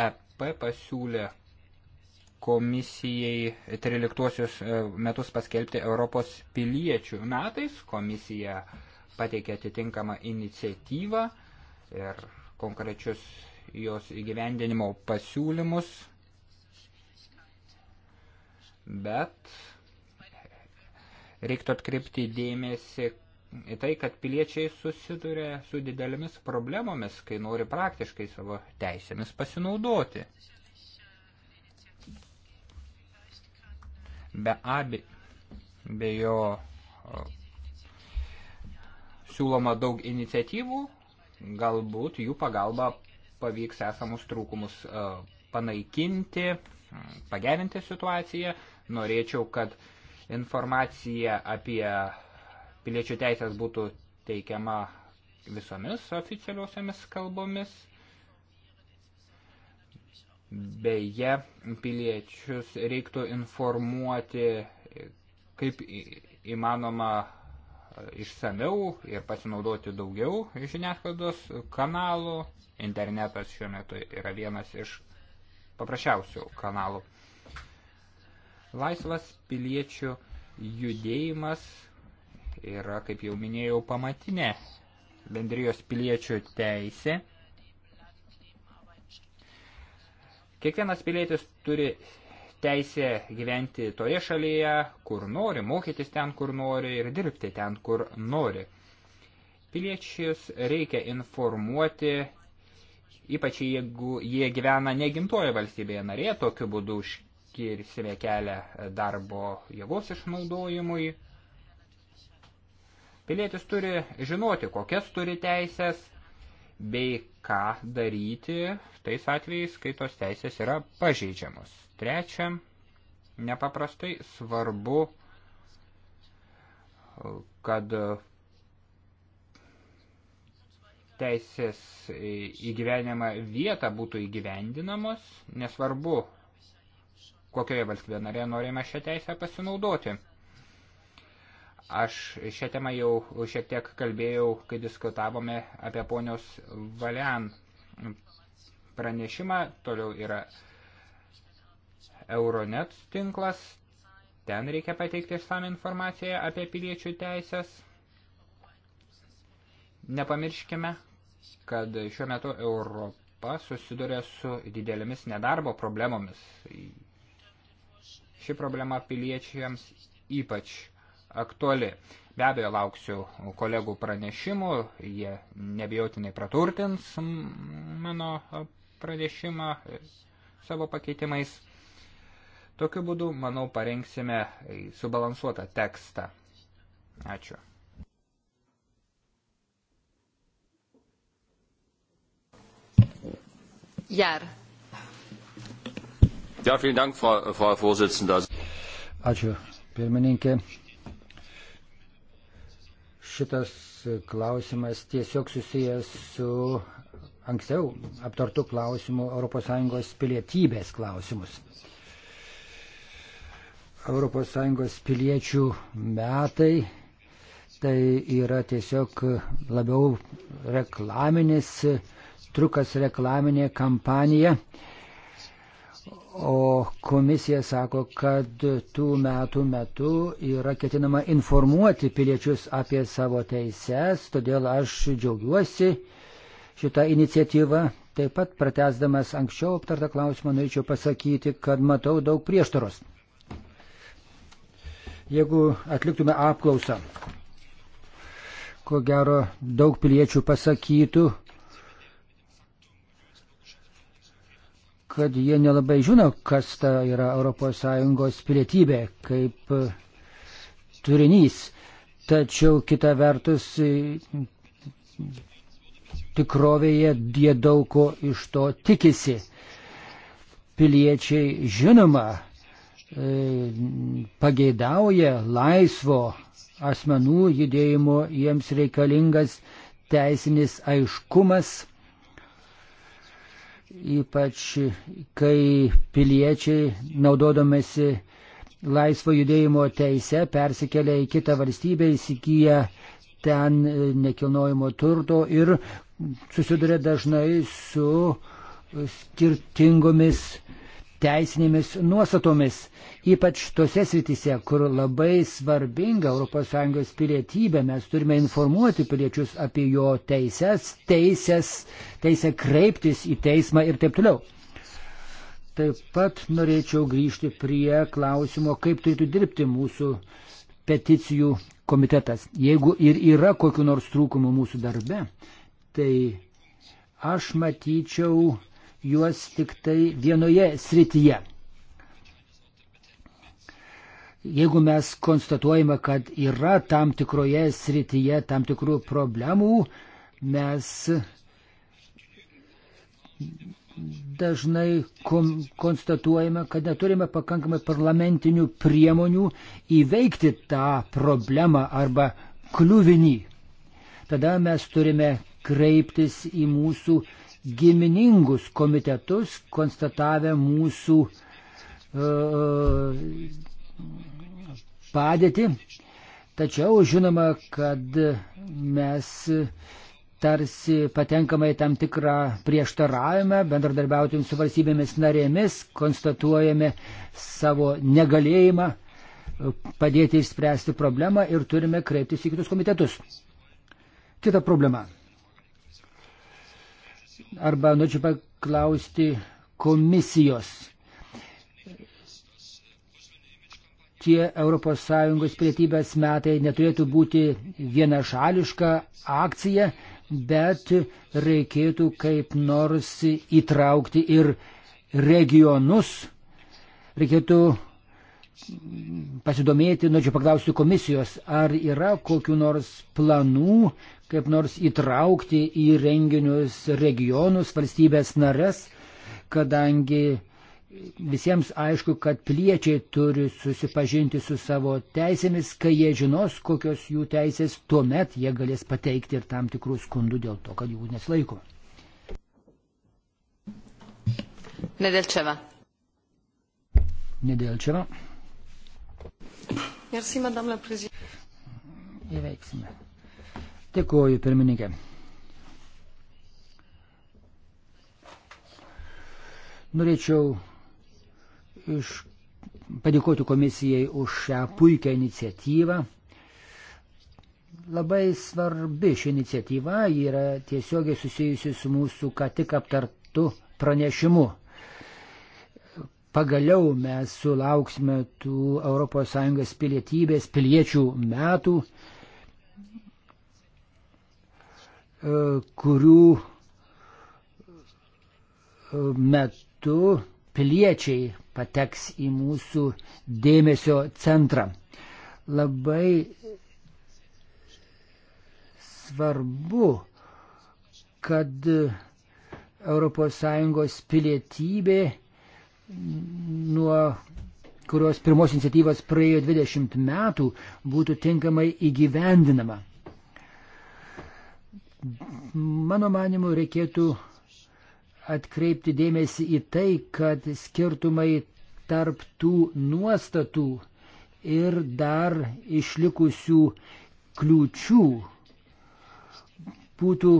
EP pasiūlė komisijai 13 e, metus paskelbti Europos piliečių metais. Komisija pateikė atitinkamą iniciatyvą ir konkrečius jos įgyvendinimo pasiūlymus, bet reiktų atkreipti dėmesį į tai, kad piliečiai susiduria su didelėmis problemomis, kai nori praktiškai savo teisėmis pasinaudoti. Be abi, be jo siūloma daug iniciatyvų, galbūt jų pagalba pavyks esamus trūkumus e, panaikinti, pagerinti situaciją. Norėčiau, kad informacija apie piliečių teisės būtų teikiama visomis oficialiuosiamis kalbomis. Beje, piliečius reiktų informuoti kaip įmanoma e, išsameu ir pasinaudoti daugiau žiniasklaidos kanalų Internetas šiuo metu yra vienas iš paprasčiausių kanalų. Laisvas piliečių judėjimas yra, kaip jau minėjau, pamatinė bendrijos piliečių teisė. Kiekvienas pilietis turi teisę gyventi toje šalyje, kur nori, mokytis ten, kur nori ir dirbti ten, kur nori. Piliečius reikia informuoti ypač jeigu jie gyvena negimtojo valstybėje narėje, tokiu būdu užkirsime kelią darbo jėgos išnaudojimui. Pilietis turi žinoti, kokias turi teisės, bei ką daryti tais atvejais, kai tos teisės yra pažeidžiamos. Trečia, nepaprastai svarbu, kad teisės įgyvenimą vietą būtų įgyvendinamos, nesvarbu, kokioje valstybėje narėje norime šią teisę pasinaudoti. Aš šią temą jau šiek tiek kalbėjau, kai diskutavome apie ponios Valian pranešimą. Toliau yra Euronet tinklas. Ten reikia pateikti išsam informaciją apie piliečių teisės. Nepamirškime, kad šiuo metu Europa susiduria su didelėmis nedarbo problemomis. Ši problema piliečiams ypač aktuali. Be abejo, lauksiu kolegų pranešimų, jie nebijotinai praturtins mano pranešimą savo pakeitimais. Tokiu būdu, manau, parengsime subalansuotą tekstą. Ačiū. Jar. Ja, vielen Dank, Frau, Frau Vorsitzende. Ačiū, pirmininkė. Šitas klausimas tiesiog susijęs su anksčiau aptartų klausimų ES pilietybės klausimus. ES piliečių metai tai yra tiesiog labiau reklaminis trukas reklaminė kampanija, o komisija sako, kad tų metų metu yra ketinama informuoti piliečius apie savo teises, todėl aš džiaugiuosi šitą iniciatyvą. Taip pat, pratesdamas anksčiau aptartą klausimą, norėčiau pasakyti, kad matau daug prieštaros. Jeigu atliktume apklausą, ko gero daug piliečių pasakytų, kad jie nelabai žino, kas ta yra ES pilietybė kaip turinys. Tačiau kita vertus tikrovėje jie daug ko iš to tikisi. Piliečiai žinoma e, pageidauja laisvo asmenų judėjimo, jiems reikalingas teisinis aiškumas ypač kai piliečiai, naudodamėsi laisvo judėjimo teise, persikelia į kitą valstybę, įsigyja ten e, nekilnojimo turto ir susiduria dažnai su skirtingomis teisinėmis nuostatomis ypač tose sritise, kur labai svarbinga ES pilietybė, mes turime informuoti piliečius apie jo teises, teises, teisę kreiptis į teismą ir taip toliau. Taip pat norėčiau grįžti prie klausimo, kaip turėtų dirbti mūsų peticijų komitetas. Jeigu ir yra kokiu nors trūkumu mūsų darbe, tai aš matyčiau juos tik tai vienoje srityje. Jeigu mes konstatuojame, kad yra tam tikroje srityje tam tikrų problemų, mes dažnai kom, konstatuojame, kad neturime pakankamai parlamentinių priemonių įveikti tą problemą arba kliuvinį. Tada mes turime kreiptis į mūsų giminingus komitetus, konstatavę mūsų uh, padėtį. Tačiau žinoma, kad mes tarsi patenkame į tam tikrą prieštaravimą, bendradarbiautim su valstybėmis narėmis, konstatuojame savo negalėjimą padėti išspręsti problemą ir turime kreiptis į kitus komitetus. Kita problema. Arba norėčiau paklausti komisijos tie ES pilietybės metai neturėtų būti vienašališka akcija, bet reikėtų kaip nors įtraukti ir regionus. Reikėtų pasidomėti, norėčiau paklausti komisijos, ar yra kokiu nors planų, kaip nors įtraukti į renginius regionus, valstybės nares, kadangi visiems aišku, kad piliečiai turi susipažinti su savo teisėmis, kai jie žinos, kokios jų teisės, tuomet jie galės pateikti ir tam tikrų skundų dėl to, kad jų neslaiko. Nedelčeva. Nedelčeva. Merci, madame la présidente. Įveiksime. Dėkuoju, pirmininkė. Norėčiau iš, padėkoti komisijai už šią puikią iniciatyvą. Labai svarbi ši iniciatyva yra tiesiogiai susijusi su mūsų ką tik aptartu pranešimu. Pagaliau mes sulauksime tų ES pilietybės piliečių metų, e, kurių e, metu piliečiai pateks į mūsų dėmesio centrą. Labai svarbu, kad ES pilietybė, nuo kurios pirmos iniciatyvos praėjo 20 metų, būtų tinkamai įgyvendinama. Mano manimu, reikėtų atkreipti dėmesį į tai, kad skirtumai tarp tų nuostatų ir dar išlikusių kliūčių būtų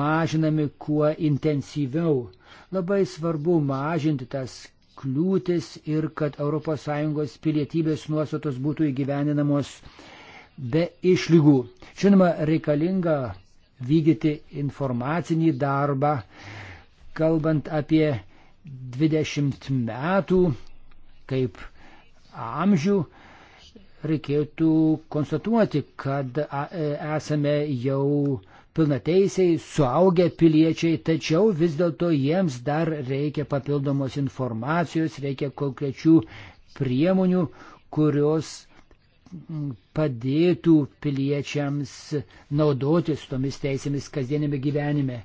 mažinami kuo intensyviau. Labai svarbu mažinti tas kliūtis ir kad ES pilietybės nuostatos būtų įgyveninamos be išlygų. Žinoma, reikalinga vykdyti informacinį darbą, kalbant apie 20 metų kaip amžių, reikėtų konstatuoti, kad e, esame jau pilnateisiai, suaugę piliečiai, tačiau vis dėlto jiems dar reikia papildomos informacijos, reikia konkrečių priemonių, kurios padėtų piliečiams naudotis tomis teisėmis kasdienėme gyvenime.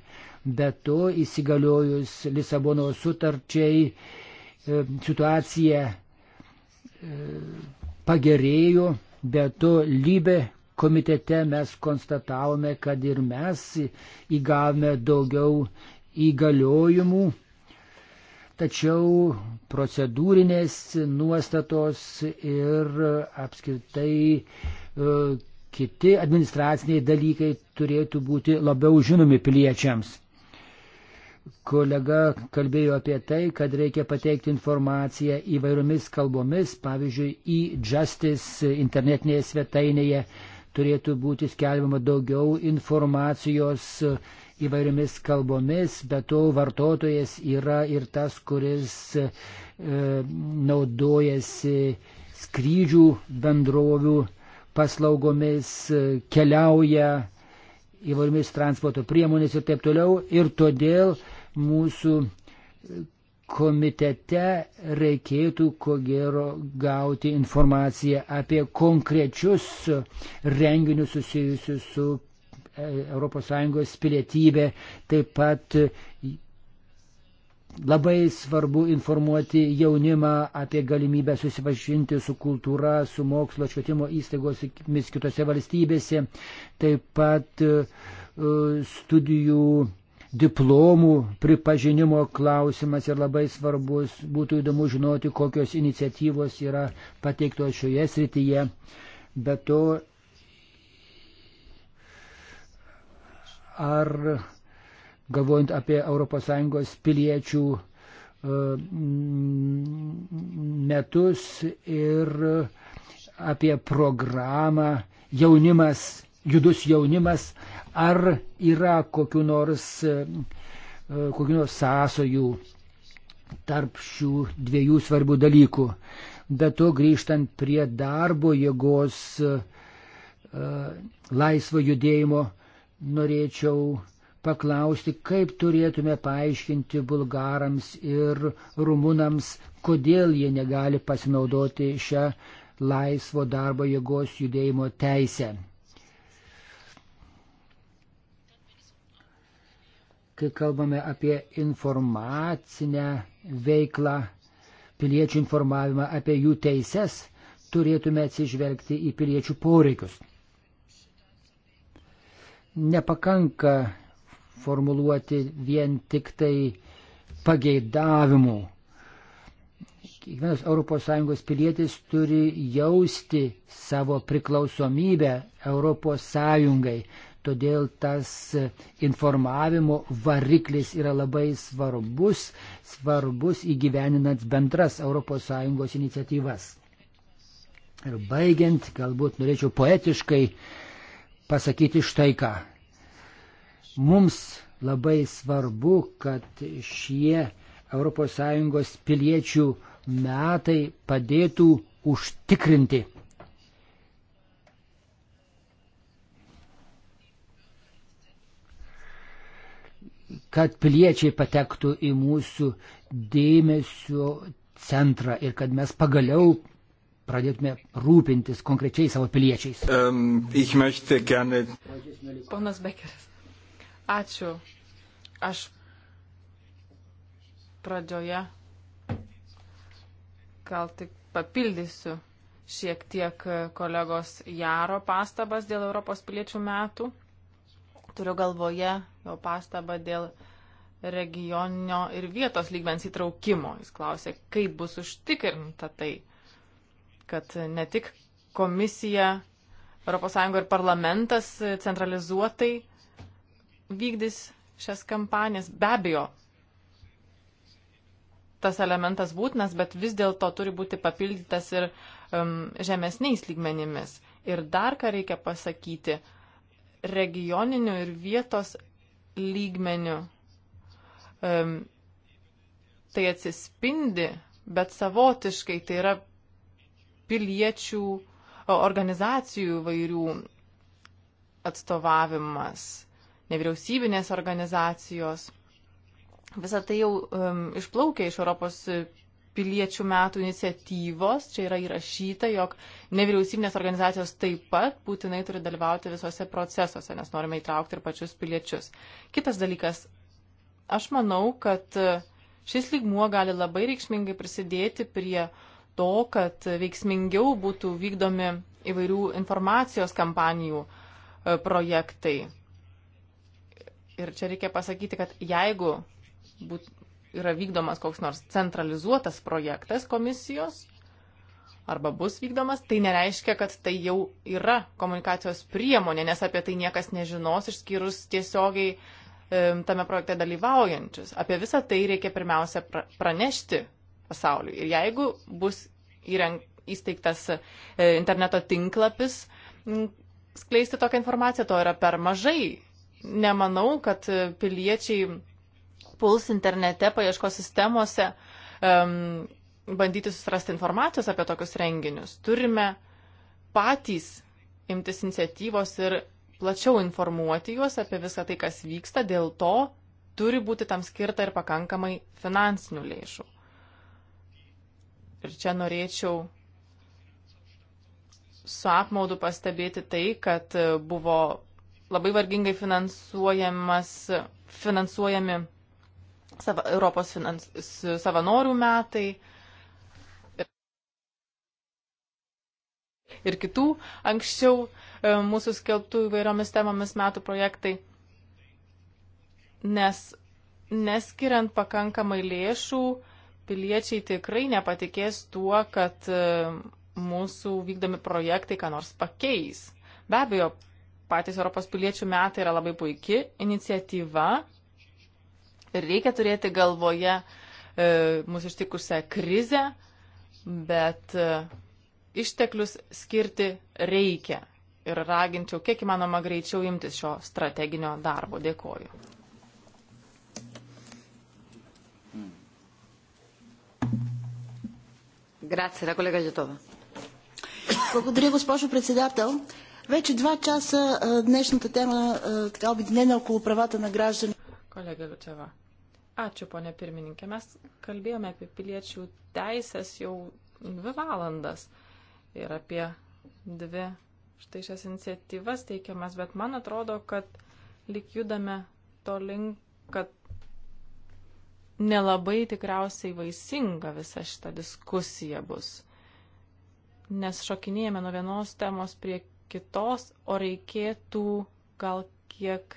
Bet to įsigaliojus Lisabono sutarčiai e, situacija e, pagerėjo, bet to lybė komitete mes konstatavome, kad ir mes įgavome daugiau įgaliojimų, tačiau procedūrinės nuostatos ir apskritai e, kiti administraciniai dalykai turėtų būti labiau žinomi piliečiams kolega kalbėjo apie tai, kad reikia pateikti informaciją įvairiomis kalbomis, pavyzdžiui, į e Justice internetinėje svetainėje turėtų būti skelbiama daugiau informacijos įvairiomis kalbomis, bet to vartotojas yra ir tas, kuris e, naudojasi skrydžių bendrovių paslaugomis, e, keliauja įvairiomis transporto priemonės ir taip toliau. Ir todėl mūsų komitete reikėtų, ko gero, gauti informaciją apie konkrečius renginius susijusius su ES pilietybė. Taip pat labai svarbu informuoti jaunimą apie galimybę susipažinti su kultūra, su mokslo švietimo įstaigos kitose valstybėse. Taip pat e, studijų diplomų pripažinimo klausimas ir labai svarbus. Būtų įdomu žinoti, kokios iniciatyvos yra pateiktos šioje srityje. Be to, ar galvojant apie ES piliečių e, metus ir apie programą jaunimas judus jaunimas, ar yra kokiu nors, e, e, kokiu nors sąsojų tarp šių dviejų svarbių dalykų. Be to, grįžtant prie darbo jėgos e, laisvo judėjimo, norėčiau paklausti, kaip turėtume paaiškinti bulgarams ir rumunams, kodėl jie negali pasinaudoti šią laisvo darbo jėgos judėjimo teisę. kai kalbame apie informacinę veiklą, piliečių informavimą apie jų teises, turėtume atsižvelgti į piliečių poreikius. Nepakanka formuluoti vien tik tai pageidavimų. Kiekvienas ES pilietis turi jausti savo priklausomybę ES. Todėl tas informavimo variklis yra labai svarbus, svarbus įgyveninant bendras ES iniciatyvas. Ir baigiant, galbūt norėčiau poetiškai pasakyti štai ką. Mums labai svarbu, kad šie ES piliečių metai padėtų užtikrinti kad piliečiai patektų į mūsų dėmesio centrą ir kad mes pagaliau pradėtume rūpintis konkrečiai savo piliečiais. Um, gerne... Ponas Bekeris, ačiū. Aš pradžioje gal tik papildysiu šiek tiek kolegos Jaro pastabas dėl Europos piliečių metų. Turiu galvoje jo pastabą dėl regioninio ir vietos lygmens įtraukimo. Jis klausė, kaip bus užtikrinta tai, kad ne tik komisija, ES ir parlamentas centralizuotai vykdys šias kampanijas. Be abejo, tas elementas būtinas, bet vis dėlto turi būti papildytas ir um, žemesniais lygmenimis. Ir dar ką reikia pasakyti, uh, regioniniu ir vietos lygmeniu um, tai atsispindi, bet savotiškai tai yra piliečių organizacijų vairių atstovavimas, nevyriausybinės organizacijos. Visą tai jau um, išplaukia iš Europos piliečių metų iniciatyvos. Čia yra įrašyta, jog nevyriausybinės organizacijos taip pat būtinai turi dalyvauti visose procesuose, nes norime įtraukti ir pačius piliečius. Kitas dalykas, aš manau, kad šis lygmuo gali labai reikšmingai prisidėti prie to, kad veiksmingiau būtų vykdomi įvairių informacijos kampanijų e, projektai. Ir čia reikia pasakyti, kad jeigu būt, yra vykdomas koks nors centralizuotas projektas komisijos arba bus vykdomas, tai nereiškia, kad tai jau yra komunikacijos priemonė, nes apie tai niekas nežinos, išskyrus tiesiogiai e, tame projekte dalyvaujančius. Apie visą tai reikia pirmiausia pranešti pasauliui. Ir jeigu bus įrenk, įsteigtas e, interneto tinklapis, m, skleisti tokią informaciją, to yra per mažai. Nemanau, kad e, piliečiai puls internete, paieškos sistemose um, bandyti susirasti informacijos apie tokius renginius. Turime patys imtis iniciatyvos ir plačiau informuoti juos apie visą tai, kas vyksta, dėl to turi būti tam skirta ir pakankamai finansinių lėšų. Ir čia norėčiau su apmaudu pastebėti tai, kad buvo labai vargingai finansuojamas, finansuojami sava, Europos finans, savanorių metai ir kitų anksčiau e, mūsų skelbtų įvairiomis temomis metų projektai, nes neskiriant pakankamai lėšų, piliečiai tikrai nepatikės tuo, kad e, mūsų vykdomi projektai ką nors pakeis. Be abejo, patys Europos piliečių metai yra labai puikia iniciatyva, Ir reikia turėti galvoje e, mūsų ištikusią krizę, bet e, išteklius skirti reikia. Ir raginčiau, kiek įmanoma greičiau imtis šio strateginio darbo. Dėkoju. Грация, колега Житова. Благодаря, госпожо председател. Вече два часа днешната тема така обединена около правата на граждани. Колега Лучева. Ačiū, ponė pirmininkė. Mes kalbėjome apie piliečių teisės jau dvi valandas ir apie dvi štai šias iniciatyvas teikiamas, bet man atrodo, kad lik judame to link, kad nelabai tikriausiai vaisinga visa šita diskusija bus. Nes šokinėjame nuo vienos temos prie kitos, o reikėtų gal kiek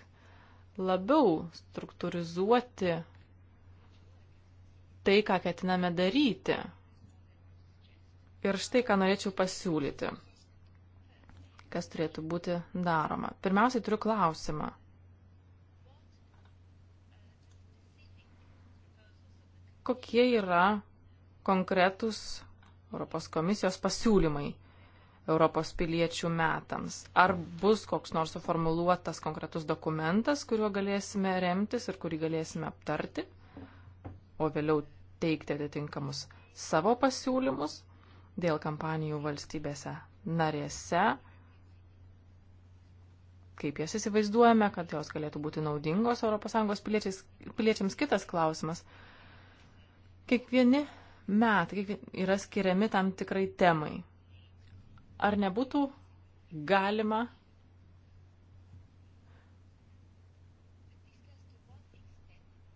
labiau struktūrizuoti tai, ką ketiname daryti. Ir štai, ką norėčiau pasiūlyti, kas turėtų būti daroma. Pirmiausiai turiu klausimą. Kokie yra konkretus Europos komisijos pasiūlymai Europos piliečių metams. Ar bus koks nors suformuluotas konkretus dokumentas, kuriuo galėsime remtis ir kurį galėsime aptarti? o vėliau teikti atitinkamus savo pasiūlymus dėl kampanijų valstybėse narėse, kaip jas įsivaizduojame, kad jos galėtų būti naudingos ES piliečiais, piliečiams kitas klausimas. Kiekvieni metai yra skiriami tam tikrai temai. Ar nebūtų galima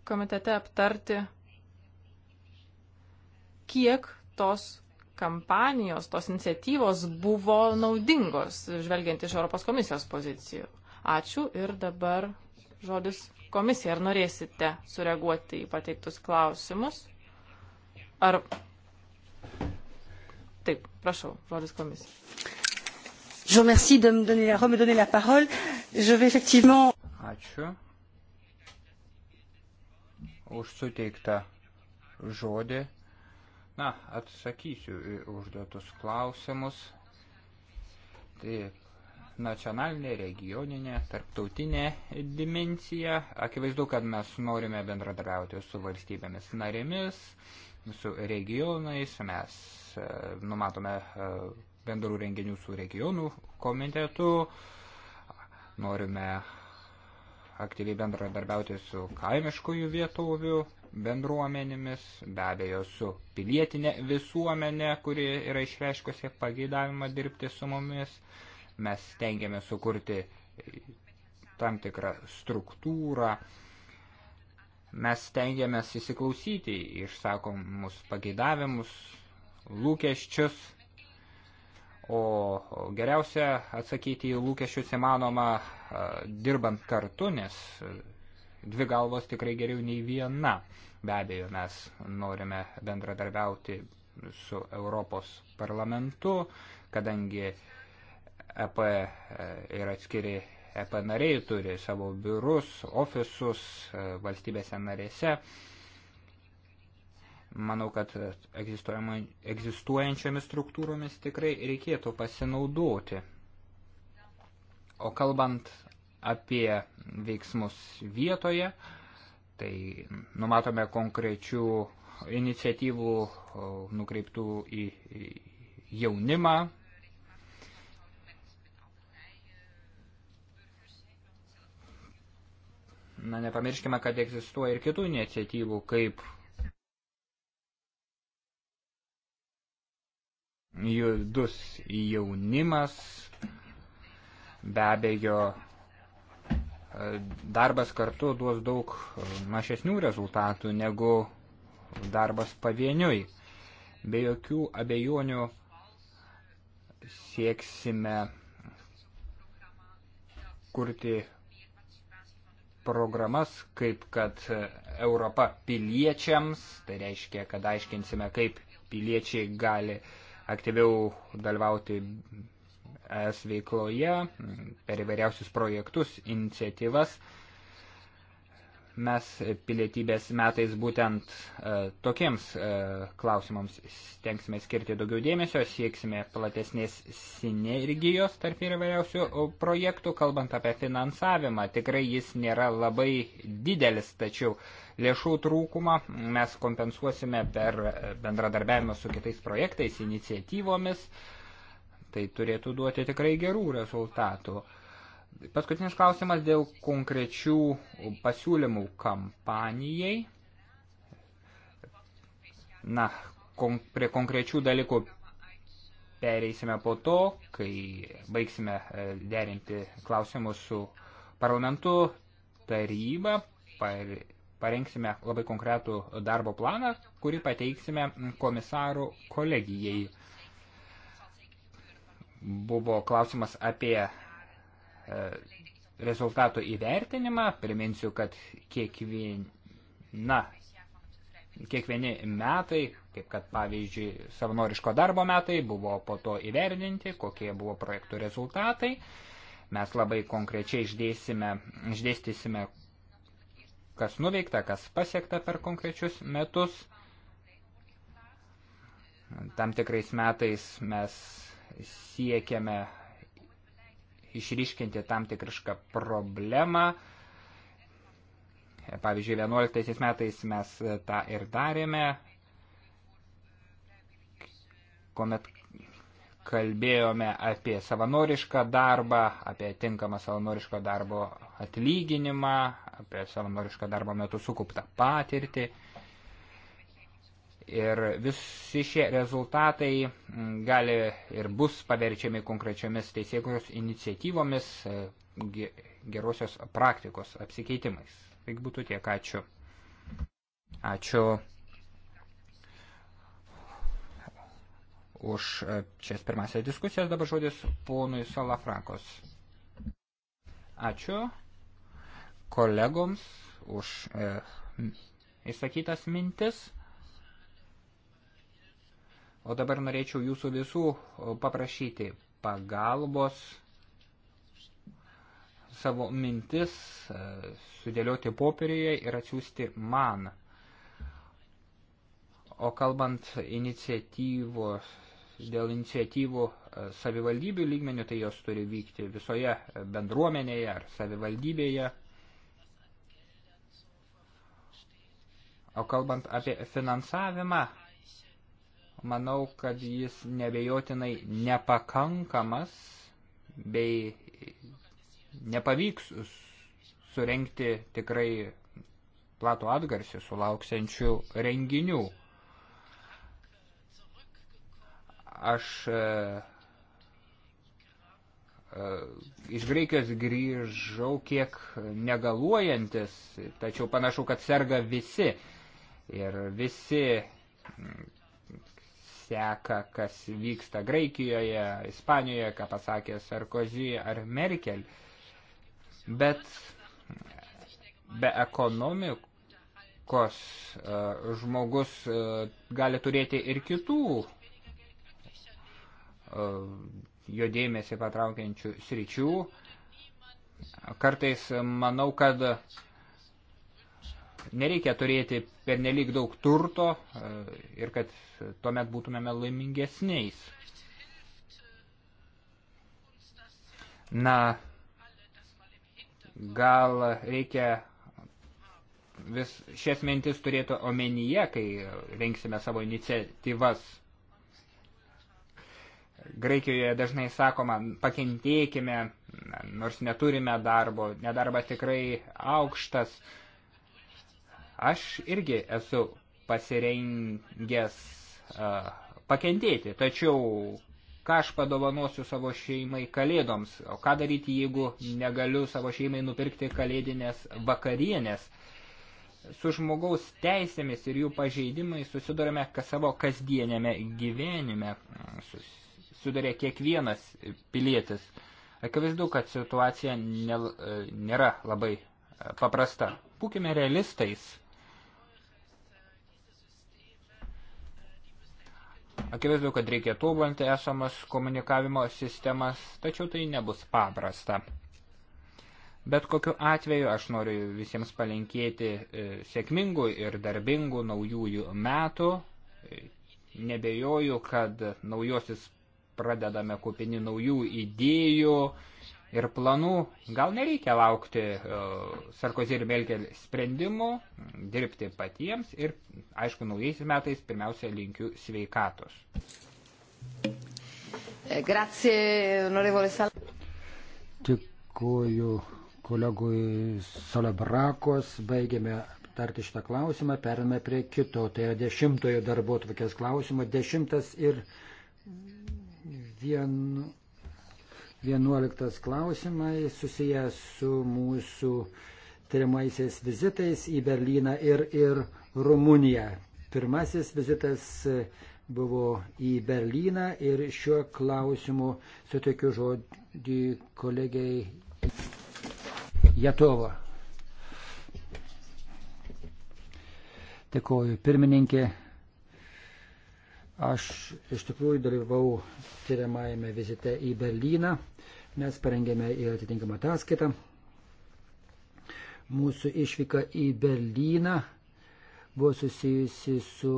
komitete aptarti kiek tos kampanijos, tos iniciatyvos buvo naudingos, žvelgiant iš Europos komisijos pozicijų. Ačiū ir dabar žodis komisija. Ar norėsite sureaguoti į pateiktus klausimus? Ar. Taip, prašau, žodis komisija. Je vous remercie de me donner la, me donner la parole. Je vais effectivement. Ačiū už suteiktą žodį Na, atsakysiu į užduotus klausimus. Taip, nacionalinė, regioninė, tarptautinė dimencija. Akivaizdu, kad mes norime bendradarbiauti su valstybėmis narėmis, su regionais, mes e, numatome e, bendrų renginių su regionų komitetu, norime aktyviai bendradarbiauti su kaimiškųjų vietovių bendruomenėmis, be abejo su pilietinė visuomenė, kuri yra išreiškusi pageidavimą dirbti su mumis. Mes tengiame sukurti tam tikrą struktūrą. Mes tengiamės įsiklausyti išsakomus pageidavimus, lūkesčius, o geriausia atsakyti į lūkesčius įmanoma dirbant kartu, nes dvi galvos tikrai geriau nei viena. Be abejo, mes norime bendradarbiauti su Europos parlamentu, kadangi EP e, ir atskiri EP nariai turi savo biurus, ofisus e, valstybėse narėse. Manau, kad egzistuojančiomis struktūromis tikrai reikėtų pasinaudoti. O kalbant apie veiksmus vietoje, tai numatome konkrečių iniciatyvų nukreiptų į jaunimą. Na, nepamirškime, kad egzistuoja ir kitų iniciatyvų, kaip judus jaunimas, be abejo, darbas kartu duos daug e, mažesnių rezultatų negu darbas pavieniui. Be jokių abejonių sieksime kurti programas, kaip kad Europa piliečiams, tai reiškia, kad aiškinsime, kaip piliečiai gali aktyviau dalyvauti es veikloje, per įvairiausius projektus, iniciatyvas. Mes pilietybės metais būtent e, tokiems e, klausimams stengsime skirti daugiau dėmesio, sieksime platesnės sinergijos tarp įvairiausių projektų, kalbant apie finansavimą. Tikrai jis nėra labai didelis, tačiau lėšų trūkumą mes kompensuosime per e, bendradarbiavimą su kitais projektais, iniciatyvomis. Uh, tai turėtų duoti tikrai gerų rezultatų. Paskutinis klausimas dėl konkrečių pasiūlymų kampanijai. Na, kon prie konkrečių dalykų pereisime po to, kai baigsime e, derinti klausimus su parlamentu taryba. Par parengsime labai konkretų darbo planą, kurį pateiksime komisarų kolegijai buvo klausimas apie e, rezultatų įvertinimą. Priminsiu, kad kiekviena, kiekvieni metai, kaip kad pavyzdžiui savanoriško darbo metai, buvo po to įvertinti, kokie buvo projektų rezultatai. Mes labai konkrečiai išdėstysime, kas nuveikta, kas pasiekta per konkrečius metus. Tam tikrais metais mes siekiame išryškinti tam tikrišką problemą. Pavyzdžiui, 11 metais mes tą ir darėme, kuomet kalbėjome apie savanorišką darbą, apie tinkamą savanoriško darbo atlyginimą, apie savanorišką darbo metu sukauptą patirtį. Ir visi šie rezultatai mm, gali ir bus paverčiami konkrečiomis teisėkurios iniciatyvomis, e, gerosios praktikos apsikeitimais. Taigi būtų tiek, ačiū. Ačiū už e, šias pirmasias diskusijas. Dabar žodis ponui Salafrakos. Ačiū kolegoms už e, įsakytas mintis. O dabar norėčiau jūsų visų paprašyti pagalbos, savo mintis e, sudėlioti popieriuje ir atsiųsti man. O kalbant iniciatyvos, dėl iniciatyvų e, savivaldybių lygmenių, tai jos turi vykti visoje bendruomenėje ar savivaldybėje. O kalbant apie finansavimą, manau, kad jis nebejotinai nepakankamas bei nepavyks surenkti tikrai platų atgarsį sulauksiančių renginių. Aš e, e, iš Graikijos grįžau kiek negaluojantis, tačiau panašu, kad serga visi. Ir visi seka, kas vyksta Graikijoje, Ispanijoje, ką pasakė Sarkozy ar Merkel. Bet be ekonomikos e, žmogus e, gali turėti ir kitų e, jo dėmesį patraukiančių sričių. Kartais manau, kad nereikia turėti pernelyg daug turto e, ir kad tuomet būtumėme laimingesniais. Na, gal reikia vis šias mintis turėti omenyje, kai rinksime savo iniciatyvas. Graikijoje dažnai sakoma, pakentėkime, nors neturime darbo, nedarbas tikrai aukštas, Aš irgi esu pasirengęs uh, pakentėti, tačiau ką aš padovanosiu savo šeimai kalėdoms, o ką daryti, jeigu negaliu savo šeimai nupirkti kalėdinės vakarienės. Su žmogaus teisėmis ir jų pažeidimai susidurime kas savo kasdienėme gyvenime, susiduria kiekvienas pilietis. Akivaizdu, kad situacija nėra labai paprasta. Būkime realistais. Akivaizdu, kad reikia tobulinti esamas komunikavimo sistemas, tačiau tai nebus paprasta. Bet kokiu atveju aš noriu visiems palinkėti e, sėkmingų ir darbingų naujųjų metų. E, nebejoju, kad naujosis pradedame kupini naujų idėjų, ir planų. Gal nereikia laukti uh, Sarkozy ir Melkel sprendimų, dirbti patiems ir, aišku, naujais metais pirmiausia linkiu sveikatos. Eh, grazie, onorevole Sal. Dėkuoju kolegui Salabrakos. Baigėme aptarti šitą klausimą, perėmėme prie kito. Tai yra dešimtojo darbo atvokės klausimo. Dešimtas ir vienu 11 klausimai susijęs su mūsų tyriamaisiais vizitais į Berliną ir, ir Rumuniją. Pirmasis vizitas buvo į Berliną ir šiuo klausimu suteikiu žodį kolegiai Jatova. Dėkoju pirmininkė. Aš iš tikrųjų dalyvau tyriamajame vizite į Berliną. Mes parengėme ir atitinkamą ataskaitą. Mūsų išvyka į Berliną buvo susijusi su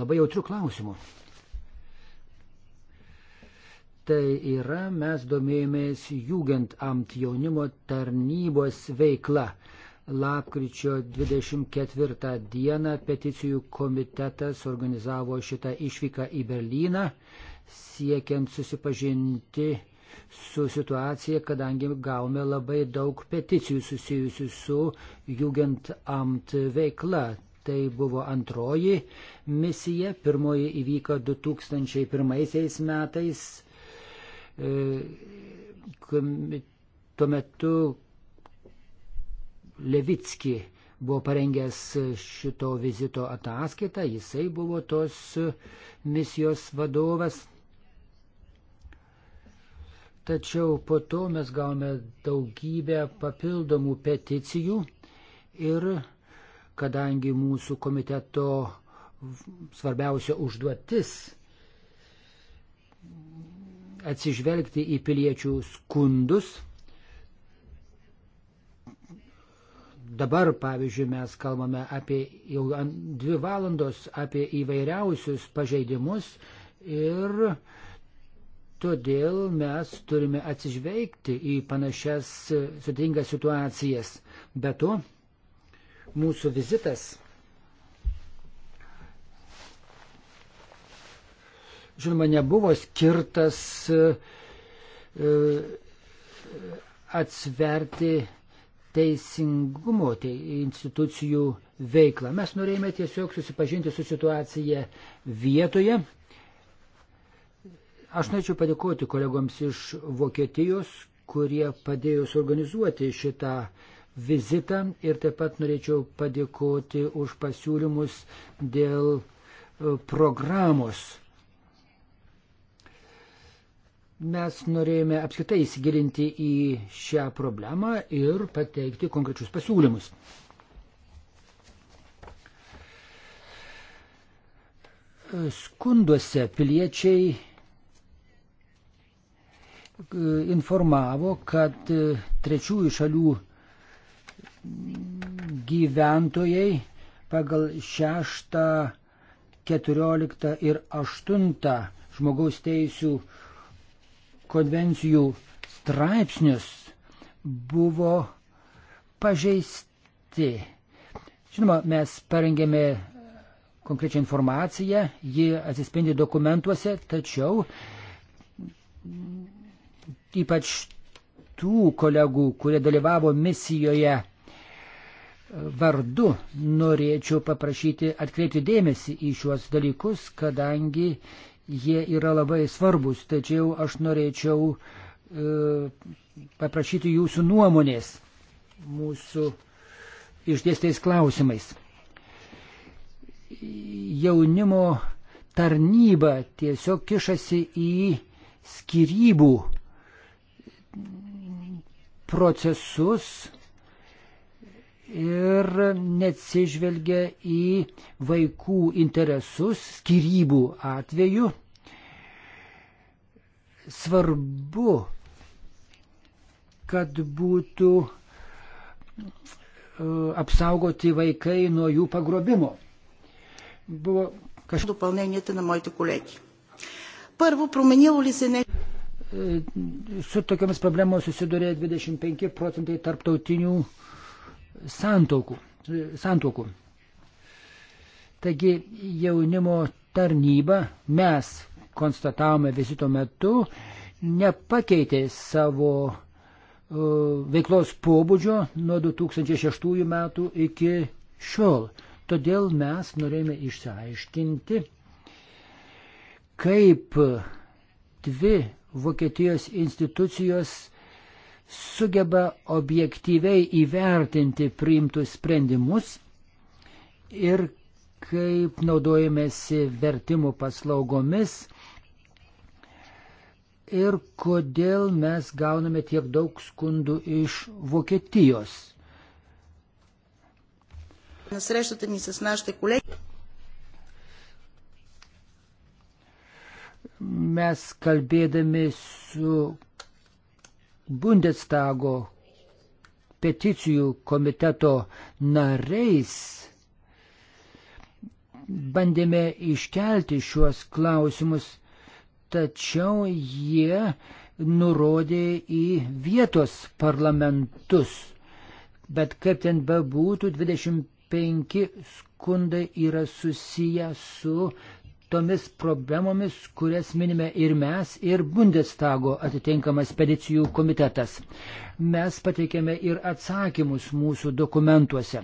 labai jautriu klausimu. Tai yra, mes domėjomės Jugendamt jaunimo tarnybos veikla. Lapkričio 24 dieną peticijų komitetas organizavo šitą išvyką į Berliną, siekiant susipažinti su situacija, kadangi gavome labai daug peticijų susijusių su Jugendamt veikla. Tai buvo antroji misija, pirmoji įvyko 2001 metais. E, tuo metu Levitski buvo parengęs šito vizito ataskaitą, jisai buvo tos misijos vadovas. Tačiau po to mes gavome daugybę papildomų peticijų ir kadangi mūsų komiteto svarbiausia užduotis atsižvelgti į piliečių skundus, dabar, pavyzdžiui, mes kalbame apie jau dvi valandos apie įvairiausius pažeidimus ir todėl mes turime atsižveikti į panašias sudingas situacijas. Be to, mūsų vizitas žinoma nebuvo skirtas e, e, atsverti teisingumo te, institucijų veiklą. Mes norėjome tiesiog susipažinti su situacija vietoje. Aš norėčiau padėkoti kolegoms iš Vokietijos, kurie padėjo suorganizuoti šitą vizitą ir taip pat norėčiau padėkoti už pasiūlymus dėl e, programos Mes norėjome apskritai įsigilinti į šią problemą ir pateikti konkrečius pasiūlymus. Skunduose piliečiai e, informavo, kad e, trečiųjų šalių gyventojai pagal šeštą, keturioliktą ir aštuntą žmogaus teisų konvencijų straipsnius buvo pažeisti. Žinoma, mes parengėme konkrečią informaciją, ji atsispindi dokumentuose, tačiau ypač tų kolegų, kurie dalyvavo misijoje vardu, norėčiau paprašyti atkreipti dėmesį į šiuos dalykus, kadangi jie yra labai svarbus, tačiau aš norėčiau e, paprašyti jūsų nuomonės mūsų išdėstais klausimais. Jaunimo tarnyba tiesiog kišasi į skirybų procesus ir neatsižvelgia į vaikų interesus skirybų atveju. Svarbu, kad būtų apsaugoti vaikai nuo jų pagrobimo. Buvo kažkokia. Допълненията на моите колеги. Първо, променило ли се нещо? Su tokiamis problemomis susidurė 25 procentai tarptautinių santokų. santokų. Taigi jaunimo tarnyba mes konstatavome vizito metu nepakeitė savo e, veiklos pobūdžio nuo 2006 metų iki šiol. Todėl mes norėjome išsiaiškinti, kaip dvi Vokietijos institucijos sugeba objektyviai įvertinti priimtus sprendimus ir kaip naudojamėsi vertimų paslaugomis ir kodėl mes gauname tiek daug skundų iš Vokietijos. На срещата ни с нашите колеги. Mes kalbėdami su Bundestago peticijų komiteto nariais bandėme iškelti šiuos klausimus, tačiau jie nurodė į vietos parlamentus. Bet kaip ten bebūtų, 25 skundai yra susiję su tomis problemomis, kurias minime ir mes, ir Bundestago atitinkamas peticijų komitetas. Mes pateikėme ir atsakymus mūsų dokumentuose.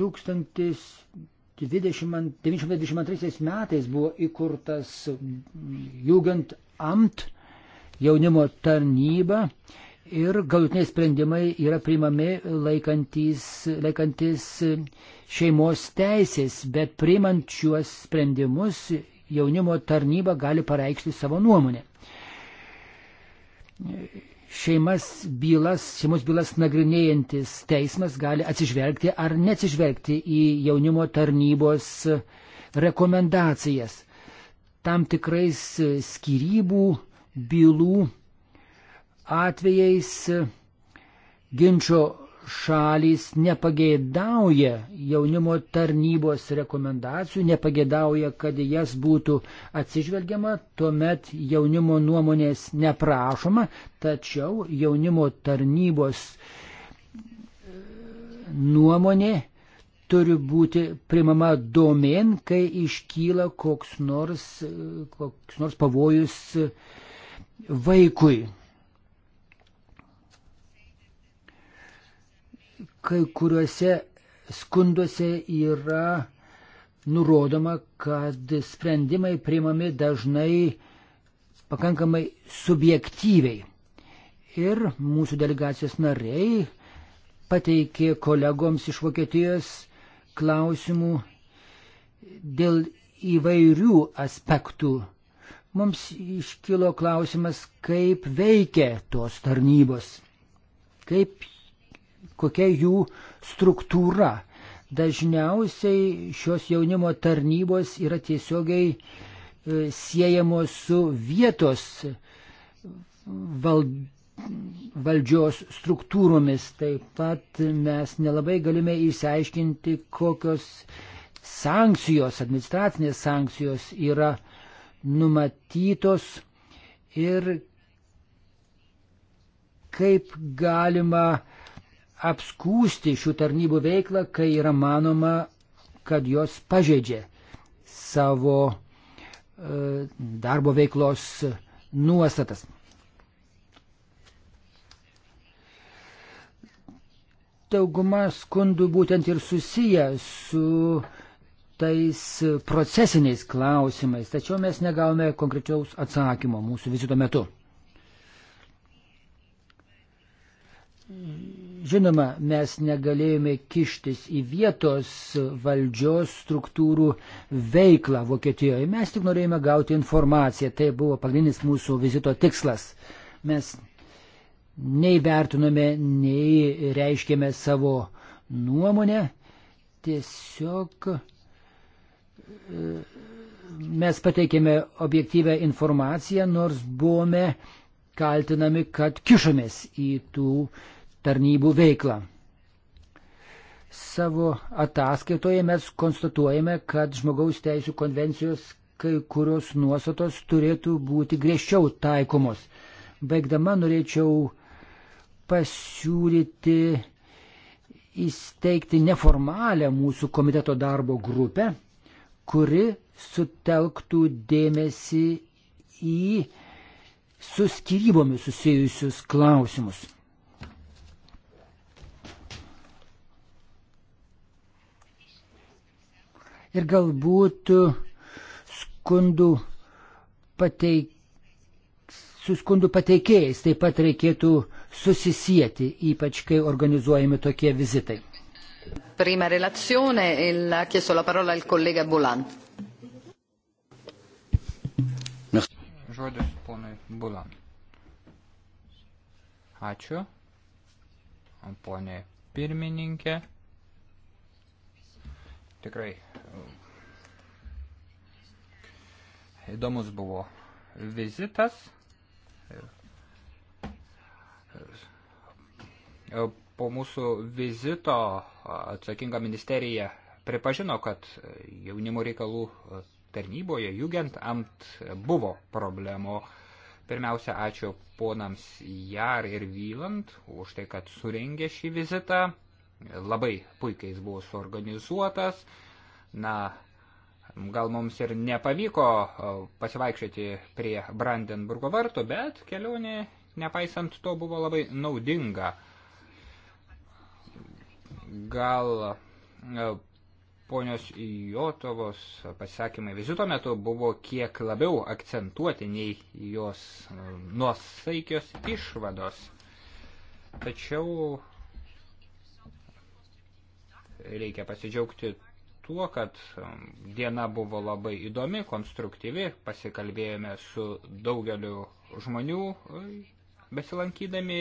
Tūkstantis 1922 metais buvo įkurtas Jugend Amt jaunimo tarnyba ir galutiniai sprendimai yra priimami laikantis, laikantis šeimos teisės, bet priimant šiuos sprendimus jaunimo tarnyba gali pareikšti savo nuomonę. Šeimas bylas, šeimos bylas nagrinėjantis teismas gali atsižvelgti ar neatsižvelgti į jaunimo tarnybos rekomendacijas. Tam tikrais skirybų bylų atvejais ginčio šalys nepageidauja jaunimo tarnybos rekomendacijų, nepageidauja, kad jas būtų atsižvelgiama, tuomet jaunimo nuomonės neprašoma, tačiau jaunimo tarnybos nuomonė turi būti primama domen, kai iškyla koks nors, koks nors pavojus vaikui. kai kuriuose skunduose yra nurodoma, kad sprendimai priimami dažnai pakankamai subjektyviai. Ir mūsų delegacijos nariai pateikė kolegoms iš Vokietijos klausimų dėl įvairių aspektų. Mums iškilo klausimas, kaip veikia tos tarnybos, kaip kokia jų struktūra. Dažniausiai šios jaunimo tarnybos yra tiesiogiai e, siejamos su vietos vald... valdžios struktūromis. Taip pat mes nelabai galime išsiaiškinti, kokios sankcijos, administracinės sankcijos yra numatytos ir kaip galima apskūsti šių tarnybų veiklą, kai yra manoma, kad jos pažeidžia savo e, darbo veiklos nuostatas. Dauguma skundų būtent ir susiję su tais procesiniais klausimais, tačiau mes negavome konkrečiaus atsakymo mūsų vizito metu. Žinoma, mes negalėjome kištis į vietos valdžios struktūrų veiklą Vokietijoje. Mes tik norėjome gauti informaciją. Tai buvo pagrindinis mūsų vizito tikslas. Mes neįvertinome, nei reiškėme savo nuomonę. Tiesiog e, mes pateikėme objektyvę informaciją, nors buvome kaltinami, kad kišomės į tų uh, tarnybų veiklą. Savo ataskaitoje mes konstatuojame, kad žmogaus teisų konvencijos kai kurios nuostatos turėtų būti griežčiau taikomos. Baigdama norėčiau pasiūlyti įsteigti neformalią mūsų komiteto darbo grupę, kuri sutelktų dėmesį į su skyrybomis susijusius klausimus. ir galbūt skundų pateik, su skundų pateikėjais taip pat reikėtų susisieti, ypač kai organizuojami tokie vizitai. Prima relazione, il, ha chiesto la parola il collega Bulan. Žodis ponui Bulan. Ačiū. Ponė pirmininkė. Tikrai Įdomus buvo vizitas. Po mūsų vizito atsakinga ministerija pripažino, kad jaunimo reikalų tarnyboje, jugent ant buvo problemo. Pirmiausia, ačiū ponams Jar ir Vyland už tai, kad surengė šį vizitą. Labai puikiai jis buvo suorganizuotas na, gal mums ir nepavyko e, pasivaikščioti prie Brandenburgo vartų, bet kelionė, nepaisant to, buvo labai naudinga. Gal e, ponios Jotovos pasisakymai vizito metu buvo kiek labiau akcentuoti nei jos e, nuosaikios išvados. Tačiau reikia pasidžiaugti tuo, kad um, diena buvo labai įdomi, konstruktyvi, pasikalbėjome su daugeliu žmonių um, besilankydami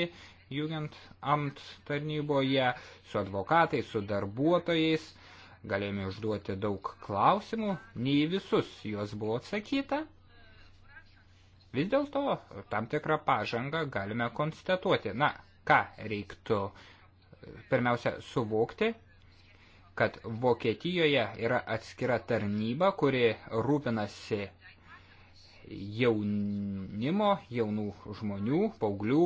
Jugend Amt tarnyboje, su advokatais, su darbuotojais, galėjome užduoti daug klausimų, nei visus juos buvo atsakyta. Vis dėlto tam tikrą pažangą galime konstatuoti. Na, ką reiktų pirmiausia suvokti, kad Vokietijoje yra atskira tarnyba, kuri rūpinasi jaunimo, jaunų žmonių, paauglių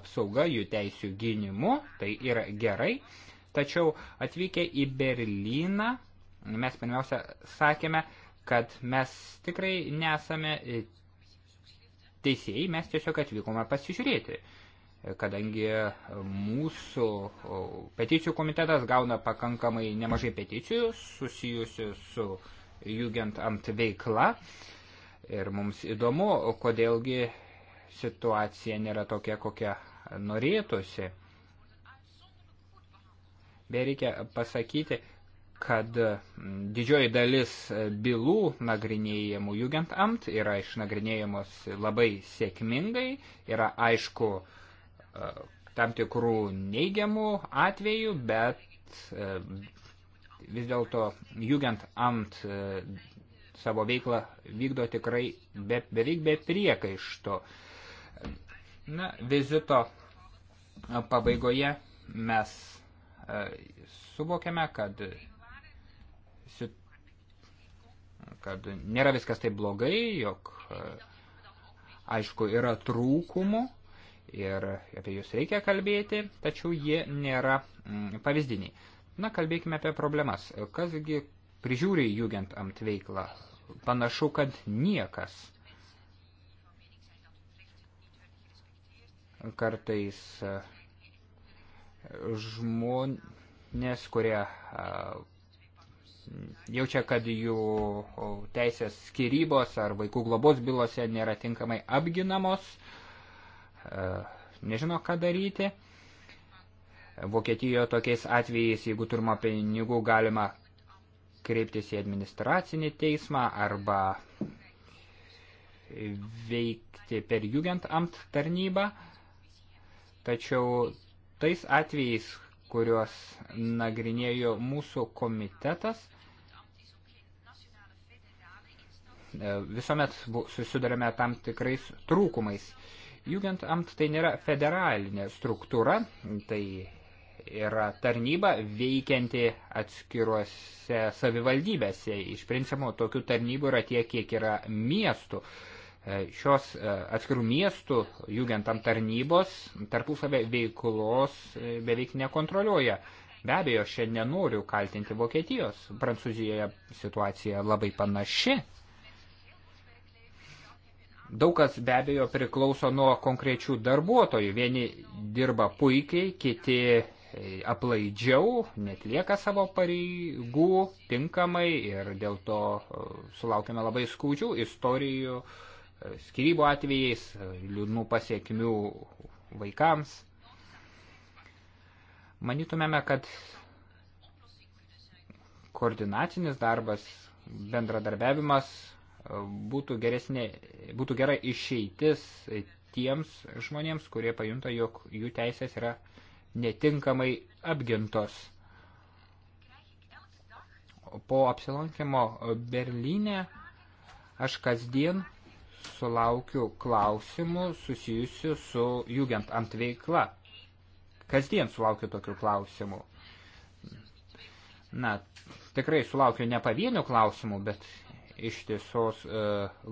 apsauga, jų teisių gynimu, tai yra gerai. Tačiau atvykę į Berliną mes pirmiausia sakėme, kad mes tikrai nesame teisėjai, mes tiesiog atvykome pasižiūrėti kadangi mūsų peticijų komitetas gauna pakankamai nemažai peticijų susijusių su jugend ant veikla. Ir mums įdomu, kodėlgi situacija nėra tokia, kokia norėtųsi. Beje, reikia pasakyti, kad didžioji dalis bylų nagrinėjimų jugend amt yra išnagrinėjamos labai sėkmingai, yra aišku, uh, E, tam tikrų neigiamų atvejų, bet e, vis dėlto jugent ant e, savo veiklą vykdo tikrai be, beveik be priekaišto. Na, vizito pabaigoje mes suvokiame, kad, kad nėra viskas taip blogai, jog aišku yra trūkumų, ir apie jūs reikia kalbėti, tačiau jie nėra mm, pavyzdiniai. Na, kalbėkime apie problemas. Kasgi prižiūri jūgiant amt veiklą? Panašu, kad niekas. Kartais e, žmonės, kurie e, jaučia, kad jų teisės skirybos ar vaikų globos bylose nėra tinkamai apginamos, E, nežino, ką daryti. Vokietijoje tokiais atvejais, jeigu turima pinigų, galima kreiptis į administracinį teismą arba veikti per Jugendamt tarnybą. Tačiau tais atvejais, kuriuos nagrinėjo mūsų komitetas, e, visuomet susidarėme tam tikrais trūkumais. Jugendamt tai nėra federalinė struktūra, tai yra tarnyba veikianti atskiruose savivaldybėse. Iš principo tokių tarnybų yra tiek, kiek yra miestų. E, šios e, atskirų miestų jugentam tarnybos tarpusavę veiklos e, beveik nekontroliuoja. Be abejo, šiandien nenoriu kaltinti Vokietijos. Prancūzijoje situacija labai panaši Daug kas be abejo priklauso nuo konkrečių darbuotojų. Vieni dirba puikiai, kiti e, aplaidžiau, netlieka savo pareigų tinkamai ir dėl to e, sulaukime labai skaudžių istorijų, e, skirybų atvejais, liūdnų pasiekmių vaikams. Manytumėme, kad koordinacinis darbas, bendradarbiavimas būtų, geresnė, būtų gera išeitis tiems žmonėms, kurie pajunta, jog jų teisės yra netinkamai apgintos. Po apsilankimo Berlyne aš kasdien sulaukiu klausimų susijusių su Jugend ant veikla. Kasdien sulaukiu tokių klausimų. Na, tikrai sulaukiu ne pavienių klausimų, bet ištisos e,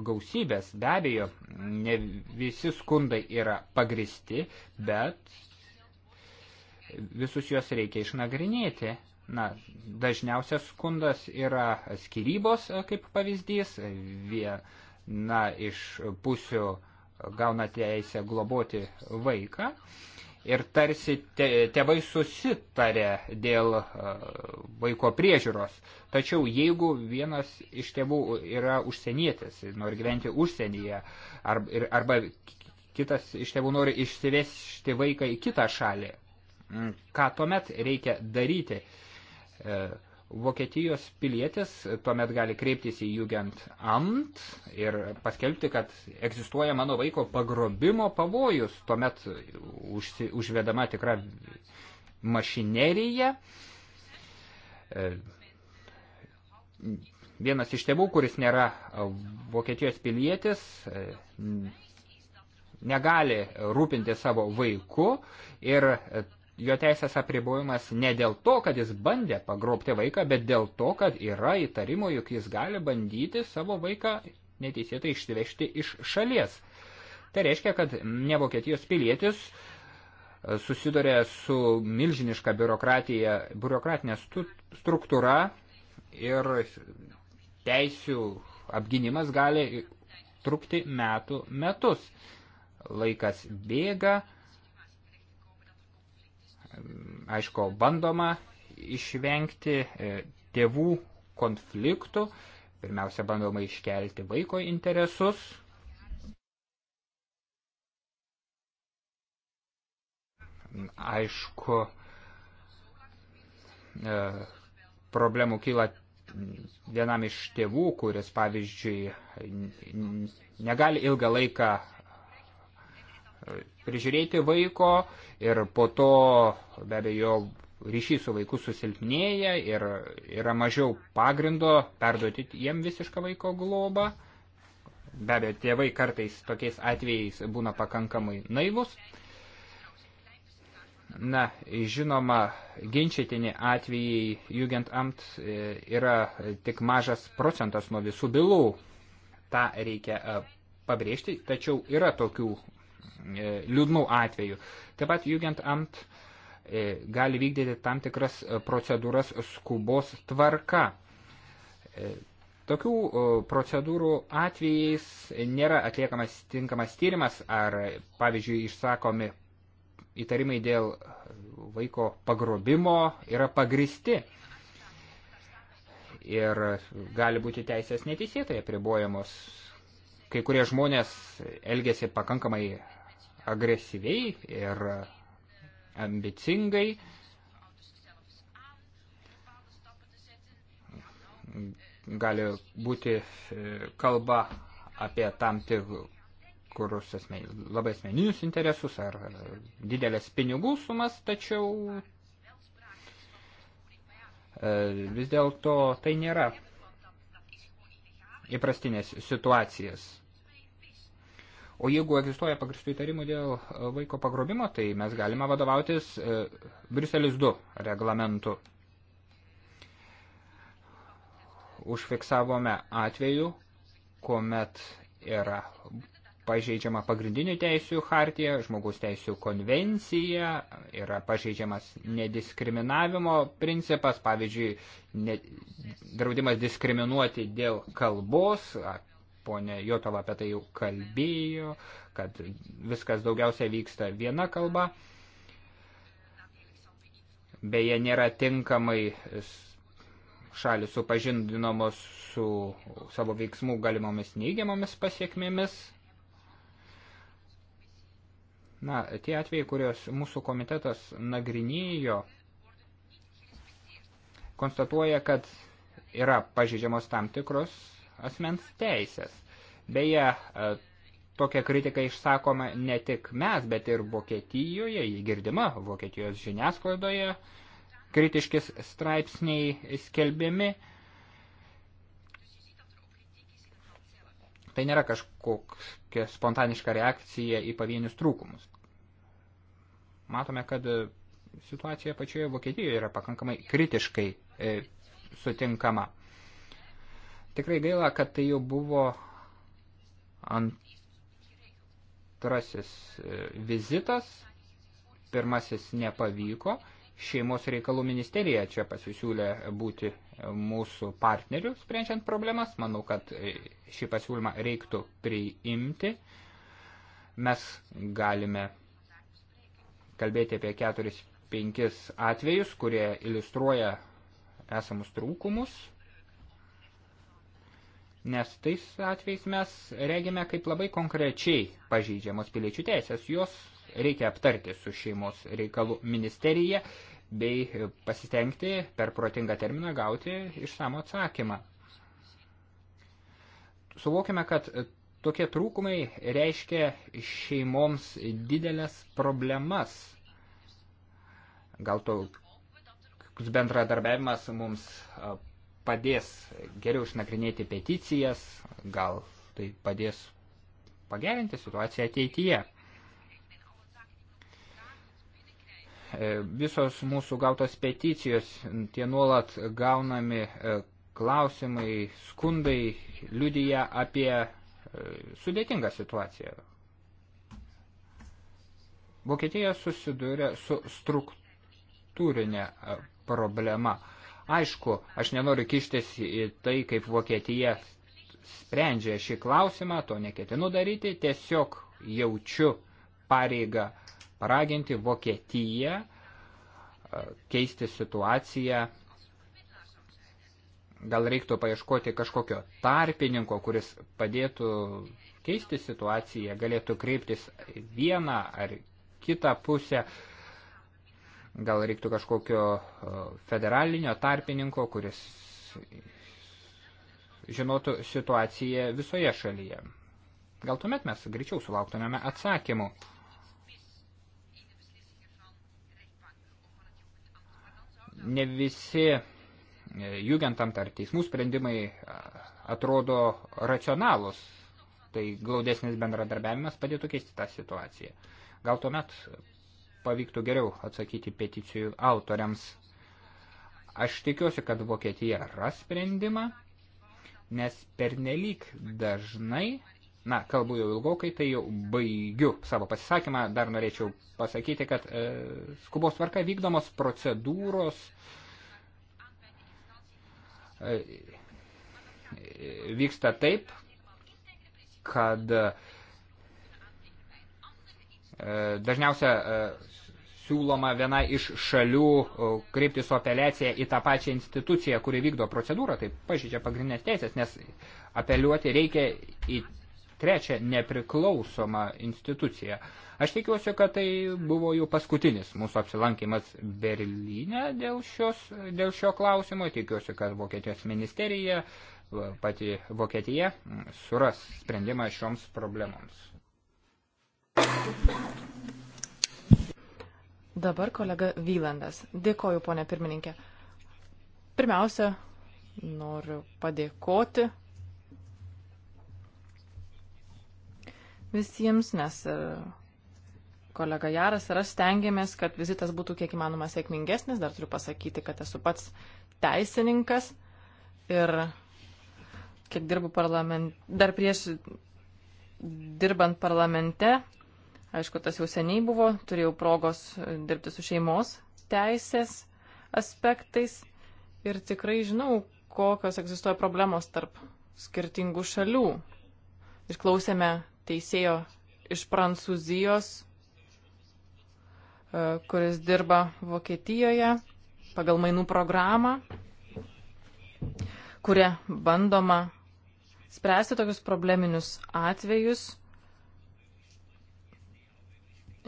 gausybės. Be abejo, ne visi skundai yra pagristi, bet visus juos reikia išnagrinėti. Na, dažniausias skundas yra skirybos, e, kaip pavyzdys. Viena iš pusių gauna teisę globoti vaiką. E, ir tarsi te, tėvai susitarė dėl e, vaiko priežiūros. Tačiau jeigu vienas iš tėvų yra užsienietis, nori gyventi užsienyje, ar, ir, arba kitas iš tėvų nori išsivežti vaiką į kitą šalį, ką tuomet reikia daryti? E, Vokietijos pilietis tuomet gali kreiptis į Jugend Amt ir paskelbti, kad egzistuoja mano vaiko pagrobimo pavojus, tuomet užsi, užvedama tikra mašinerija. E, vienas iš tėvų, kuris nėra Vokietijos pilietis, e, negali rūpinti savo vaiku ir jo teisės apribojimas ne dėl to, kad jis bandė pagrobti vaiką, bet dėl to, kad yra įtarimo, jog jis gali bandyti savo vaiką neteisėtai išsivežti iš šalies. Tai reiškia, kad ne Vokietijos pilietis e, susiduria su milžiniška biurokratija, biurokratinė struktūra ir teisių apginimas gali trukti metų metus. Laikas bėga, aišku, bandoma išvengti e, tėvų konfliktų. Pirmiausia, bandoma iškelti vaiko interesus. Aišku, e, problemų kyla vienam iš tėvų, kuris, pavyzdžiui, negali ilgą laiką prižiūrėti vaiko ir po to be abejo ryšys su vaiku susilpnėja ir yra mažiau pagrindo perduoti jiem visišką vaiko globą. Be abejo, tėvai kartais tokiais atvejais būna pakankamai naivus. Na, žinoma, ginčytini atvejai Jugendamt e, yra tik mažas procentas nuo visų bylų. Ta reikia e, pabrėžti, tačiau yra tokių E, liūdnų atvejų. Taip pat Jugendamt e, gali vykdyti tam tikras e, procedūras skubos tvarka. Tokių procedūrų atvejais nėra atliekamas tinkamas tyrimas ar, pavyzdžiui, išsakomi įtarimai dėl vaiko pagrobimo yra pagristi ir gali būti teisės neteisėtai apribojamos kai kurie žmonės elgėsi pakankamai agresyviai ir ambicingai. Gali būti kalba apie tam tikrus asmen, labai asmeninius interesus ar didelės pinigų sumas, tačiau e, vis dėlto tai nėra įprastinės situacijas. O jeigu egzistuoja pagristų įtarimų dėl e, vaiko pagrobimo, tai mes galime vadovautis e, Briselis 2 reglamentu. Užfiksavome atveju, kuomet yra pažeidžiama pagrindinių teisių hartija, žmogaus teisių konvencija, yra pažeidžiamas nediskriminavimo principas, pavyzdžiui, ne, draudimas diskriminuoti dėl kalbos, ponė Jotova apie tai jau kalbėjo, kad viskas daugiausia vyksta viena kalba. Beje, nėra tinkamai šalis supažindinamos su savo veiksmų galimomis neigiamomis pasiekmėmis. Na, tie atvejai, kurios mūsų komitetas nagrinėjo, konstatuoja, kad yra pažydžiamos tam tikros asmens teisės. Beje, e, tokia kritika išsakoma ne tik mes, bet ir Vokietijoje, jį girdima Vokietijos žiniasklaidoje, kritiškis straipsniai skelbiami. Tai nėra kažkokia spontaniška reakcija į pavienius trūkumus. Matome, kad situacija pačioje Vokietijoje yra pakankamai kritiškai e, sutinkama. Tikrai gaila, kad tai jau buvo antrasis e, vizitas, pirmasis nepavyko. Šeimos reikalų ministerija čia pasisiūlė būti mūsų partneriu sprendžiant problemas. Manau, kad e, šį pasiūlymą reiktų priimti. Mes galime kalbėti apie keturis, penkis atvejus, kurie iliustruoja esamus trūkumus nes tais atvejais mes regime, kaip labai konkrečiai pažeidžiamos piliečių teisės. Jos reikia aptarti su šeimos reikalų ministerija bei pasitengti per protingą terminą gauti išsamų atsakymą. Suvokime, kad tokie trūkumai reiškia šeimoms didelės problemas. Gal toks bendradarbiavimas mums padės geriau išnagrinėti peticijas, gal tai padės pagerinti situaciją ateityje. E, visos mūsų gautos peticijos, tie nuolat gaunami e, klausimai, skundai liudyja apie e, sudėtingą situaciją. Vokietija susidūrė su struktūrinė problema – Aišku, aš nenoriu kištis į tai, kaip Vokietija sprendžia šį klausimą, to neketinu daryti, tiesiog jaučiu pareigą paraginti Vokietiją keisti situaciją. Gal reiktų paieškoti kažkokio tarpininko, kuris padėtų keisti situaciją, galėtų kreiptis vieną ar kitą pusę. Gal reiktų kažkokio e, federalinio tarpininko, kuris žinotų situaciją visoje šalyje. Gal tuomet mes greičiau sulauktumėme atsakymų. Ne visi e, jugentam ar teismų sprendimai e, atrodo racionalus, tai glaudesnis bendradarbiavimas padėtų keisti tą situaciją. Gal tuomet pavyktų geriau atsakyti peticijų autoriams. Aš tikiuosi, kad Vokietija ras sprendimą, nes pernelyg dažnai, na, kalbu jau ilgokai, tai jau baigiu savo pasisakymą, dar norėčiau pasakyti, kad e, skubos tvarka vykdomos procedūros e, e vyksta taip, kad e, E, dažniausia e, siūloma viena iš šalių e, kreiptis su apeliacija į tą pačią instituciją, kuri vykdo procedūrą, tai pažydžia pagrindinės teisės, nes apeliuoti reikia į trečią nepriklausomą instituciją. Aš tikiuosi, kad tai buvo jau paskutinis mūsų apsilankimas Berlyne dėl, šios, dėl šio klausimo. Tikiuosi, kad Vokietijos ministerija, pati Vokietija, suras sprendimą šioms problemoms. Dabar kolega Vylandas. Dėkoju, ponė pirmininkė. Pirmiausia, noriu padėkoti visiems, nes e, kolega Jaras ir aš stengiamės, kad vizitas būtų kiek įmanoma sėkmingesnis. Dar turiu pasakyti, kad esu pats teisininkas ir kiek dirbu parlamente, dar prieš dirbant parlamente Aišku, tas jau seniai buvo, turėjau progos dirbti su šeimos teisės aspektais ir tikrai žinau, kokios egzistuoja problemos tarp skirtingų šalių. Išklausėme teisėjo iš Prancūzijos, e, kuris dirba Vokietijoje pagal mainų programą, kuria bandoma spręsti tokius probleminius atvejus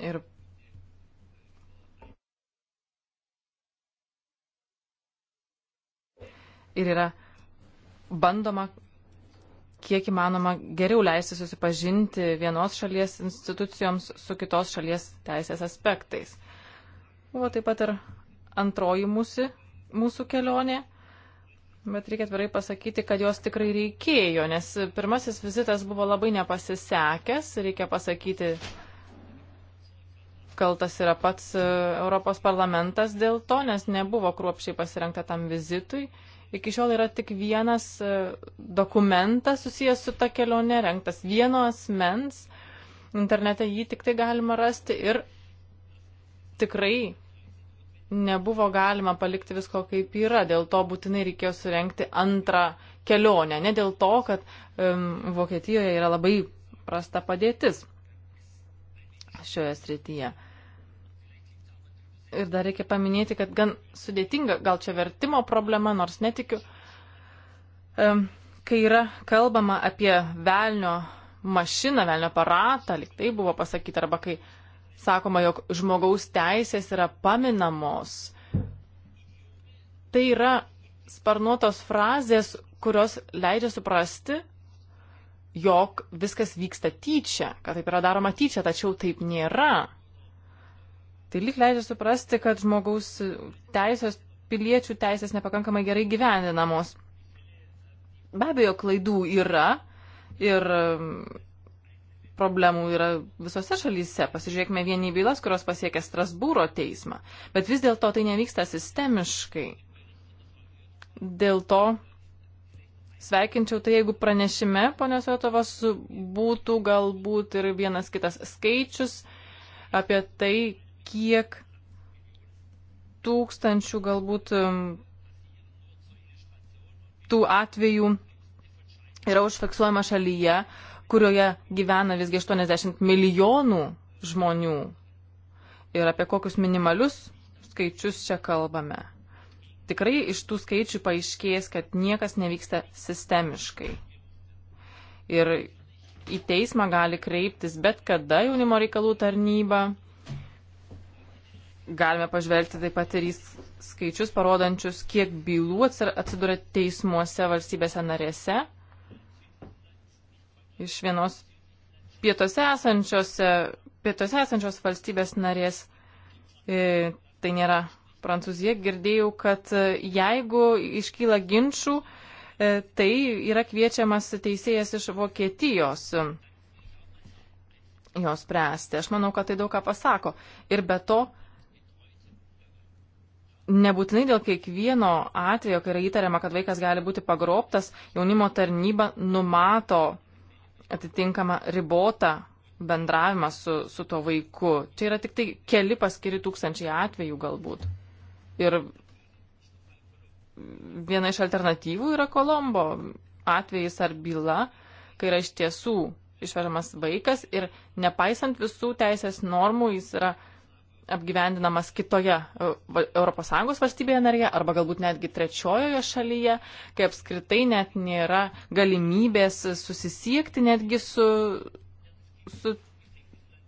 Ir Ir yra bandoma kiek įmanoma geriau leisti susipažinti vienos šalies institucijoms su kitos šalies teisės aspektais. Buvo taip pat ir antroji mūsų, mūsų kelionė, bet reikia atvirai pasakyti, kad jos tikrai reikėjo, nes pirmasis vizitas buvo labai nepasisekęs, reikia pasakyti kaltas yra pats e, Europos parlamentas dėl to, nes nebuvo kruopšiai pasirengta tam vizitui. Iki šiol yra tik vienas e, dokumentas susijęs su ta kelionė, renktas vieno asmens. Internete jį tik tai galima rasti ir tikrai nebuvo galima palikti visko kaip yra. Dėl to būtinai reikėjo surenkti antrą kelionę. Ne dėl to, kad um, Vokietijoje yra labai prasta padėtis šioje srityje. Ir dar reikia paminėti, kad gan sudėtinga, gal čia vertimo problema, nors netikiu, kai yra kalbama apie velnio mašiną, velnio aparatą, lik tai buvo pasakyta, arba kai sakoma, jog žmogaus teisės yra paminamos. Tai yra sparnuotos frazės, kurios leidžia suprasti, jog viskas vyksta tyčia, kad taip yra daroma tyčia, tačiau taip nėra. Tai lyg leidžia suprasti, kad žmogaus teisės, piliečių teisės nepakankamai gerai gyvendinamos. Be abejo, klaidų yra ir um, problemų yra visose šalyse. Pasižiūrėkime vieni bylas, kurios pasiekia Strasbūro teismą. Bet vis dėlto tai nevyksta sistemiškai. Dėl to sveikinčiau tai, jeigu pranešime, ponios Jotovas, būtų galbūt ir vienas kitas skaičius apie tai, kiek tūkstančių galbūt um, tų atvejų yra užfiksuojama šalyje, kurioje gyvena visgi 80 milijonų žmonių. Ir apie kokius minimalius skaičius čia kalbame tikrai iš tų skaičių paaiškės, kad niekas nevyksta sistemiškai. Ir į teismą gali kreiptis bet kada jaunimo reikalų tarnyba. Galime pažvelgti taip pat ir į skaičius parodančius, kiek bylų atsiduria teismuose valstybėse narėse. Iš vienos pietuose esančios, pietuose esančios valstybės narės e, tai nėra Prancūziją, girdėjau, kad e, jeigu iškyla ginčių, e, tai yra kviečiamas teisėjas iš Vokietijos e, jos spręsti. Aš manau, kad tai daug ką pasako. Ir be to, nebūtinai dėl kiekvieno atvejo, kai yra įtariama, kad vaikas gali būti pagrobtas, jaunimo tarnyba numato atitinkamą ribotą bendravimą su, su tuo vaiku. Čia yra tik tai keli paskiri tūkstančiai atvejų galbūt. Ir viena iš alternatyvų yra Kolombo atvejis ar byla, kai yra iš tiesų išvežamas vaikas ir nepaisant visų teisės normų jis yra apgyvendinamas kitoje ES valstybėje narėje arba galbūt netgi trečiojoje šalyje, kai apskritai net nėra galimybės susisiekti netgi su, su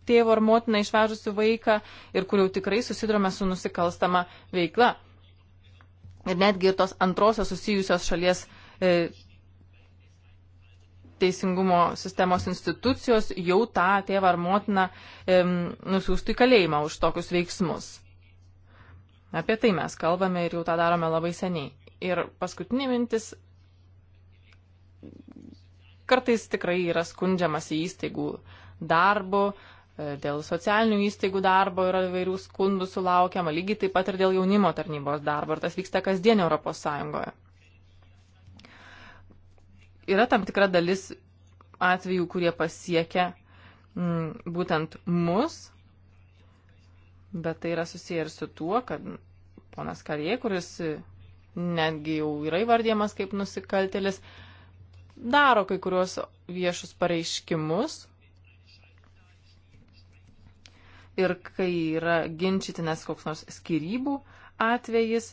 tėvo ar motiną išvežusių vaiką ir kur jau tikrai susidurome su nusikalstama veikla. Ir netgi ir tos antrosios susijusios šalies e, teisingumo sistemos institucijos jau tą tėvą ar motiną e, nusiųstų į kalėjimą už tokius veiksmus. Apie tai mes kalbame ir jau tą darome labai seniai. Ir paskutinė mintis kartais tikrai yra skundžiamas į įstaigų darbu, dėl socialinių įstaigų darbo yra įvairių skundų sulaukiama, lygiai taip pat ir dėl jaunimo tarnybos darbo, ir tas vyksta kasdien Europos Sąjungoje. Yra tam tikra dalis atvejų, kurie pasiekia m, mm, būtent mus, bet tai yra susiję ir su tuo, kad ponas Karie, kuris netgi jau yra įvardyjamas kaip nusikaltėlis, daro kai kuriuos viešus pareiškimus, ir kai yra ginčytinas koks nors skirybų atvejis,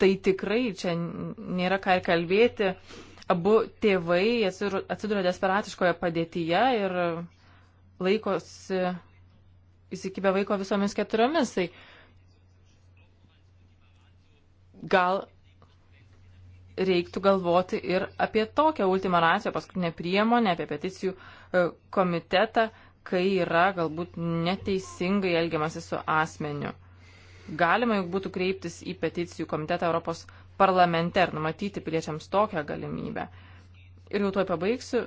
tai tikrai čia nėra ką ir kalbėti. Abu tėvai atsiduria desperatiškoje padėtyje ir laikosi įsikibę vaiko visomis keturiomis. Tai gal reiktų galvoti ir apie tokią ultimą raciją, paskutinę priemonę, apie peticijų e, komitetą, kai yra galbūt neteisingai elgiamasi su asmeniu. Galima juk būtų kreiptis į peticijų komitetą Europos parlamente ir numatyti piliečiams tokią galimybę. Ir jau tuoj pabaigsiu.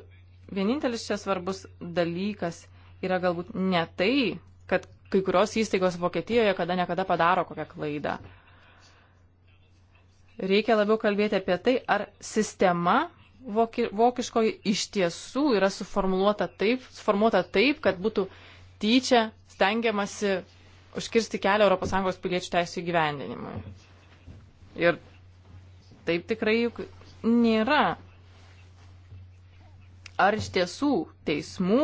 Vienintelis čia svarbus dalykas yra galbūt ne tai, kad kai kurios įstaigos Vokietijoje kada niekada padaro kokią klaidą. Reikia labiau kalbėti apie tai, ar sistema vokiškoji iš tiesų yra suformuoluota taip, suformuota taip, kad būtų tyčia stengiamasi užkirsti kelią ES piliečių teisų įgyvendinimui. Ir taip tikrai juk nėra. Ar iš tiesų teismų,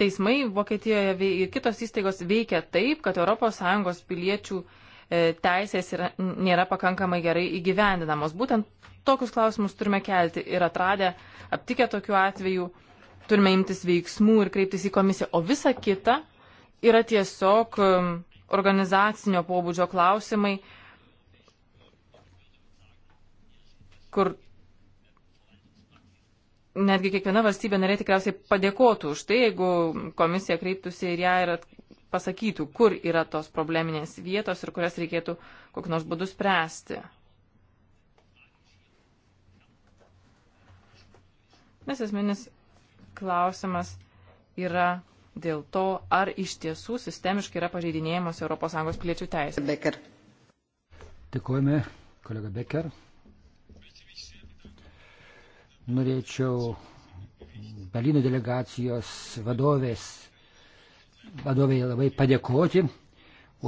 teismai Vokietijoje ir kitos įstaigos veikia taip, kad ES piliečių teisų E, teisės yra, nėra pakankamai gerai įgyvendinamos. Būtent tokius klausimus turime kelti ir atradę, aptikę tokių atvejų, turime imtis veiksmų ir kreiptis į komisiją. O visa kita yra tiesiog um, organizacinio pobūdžio klausimai, kur netgi kiekviena valstybė narė tikriausiai padėkotų už tai, jeigu komisija kreiptųsi ir ją ir pasakytų, kur yra tos probleminės vietos ir kurias reikėtų kokiu nors būdu spręsti. Nes esminis klausimas yra dėl to, ar iš tiesų sistemiškai yra pažeidinėjamos ES piliečių teisės. Becker. Dėkojame, kolega Becker. Norėčiau Berlyno delegacijos vadovės vadovai labai padėkoti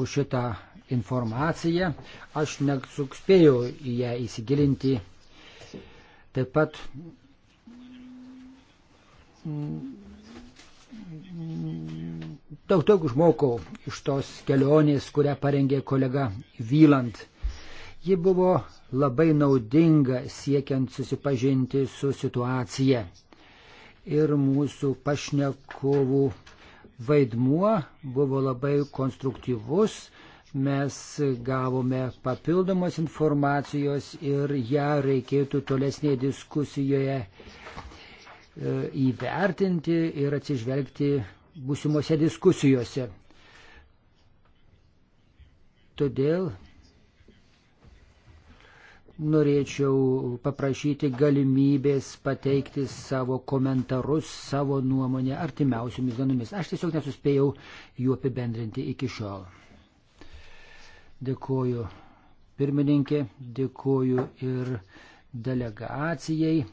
už šitą informaciją. Aš nesukspėjau į ją įsigilinti. Taip pat daug daug žmokau iš tos kelionės, kurią parengė kolega Vyland. Ji buvo labai naudinga siekiant susipažinti su situacija. Ir mūsų pašnekovų vaidmuo buvo labai konstruktyvus. Mes gavome papildomos informacijos ir ją reikėtų tolesnėje diskusijoje e, įvertinti ir atsižvelgti būsimose diskusijose. Todėl norėčiau paprašyti galimybės pateikti savo komentarus, savo nuomonę artimiausiomis dienomis. Aš tiesiog nesuspėjau jų apibendrinti iki šiol. Dėkuoju pirmininkė, dėkuoju ir delegacijai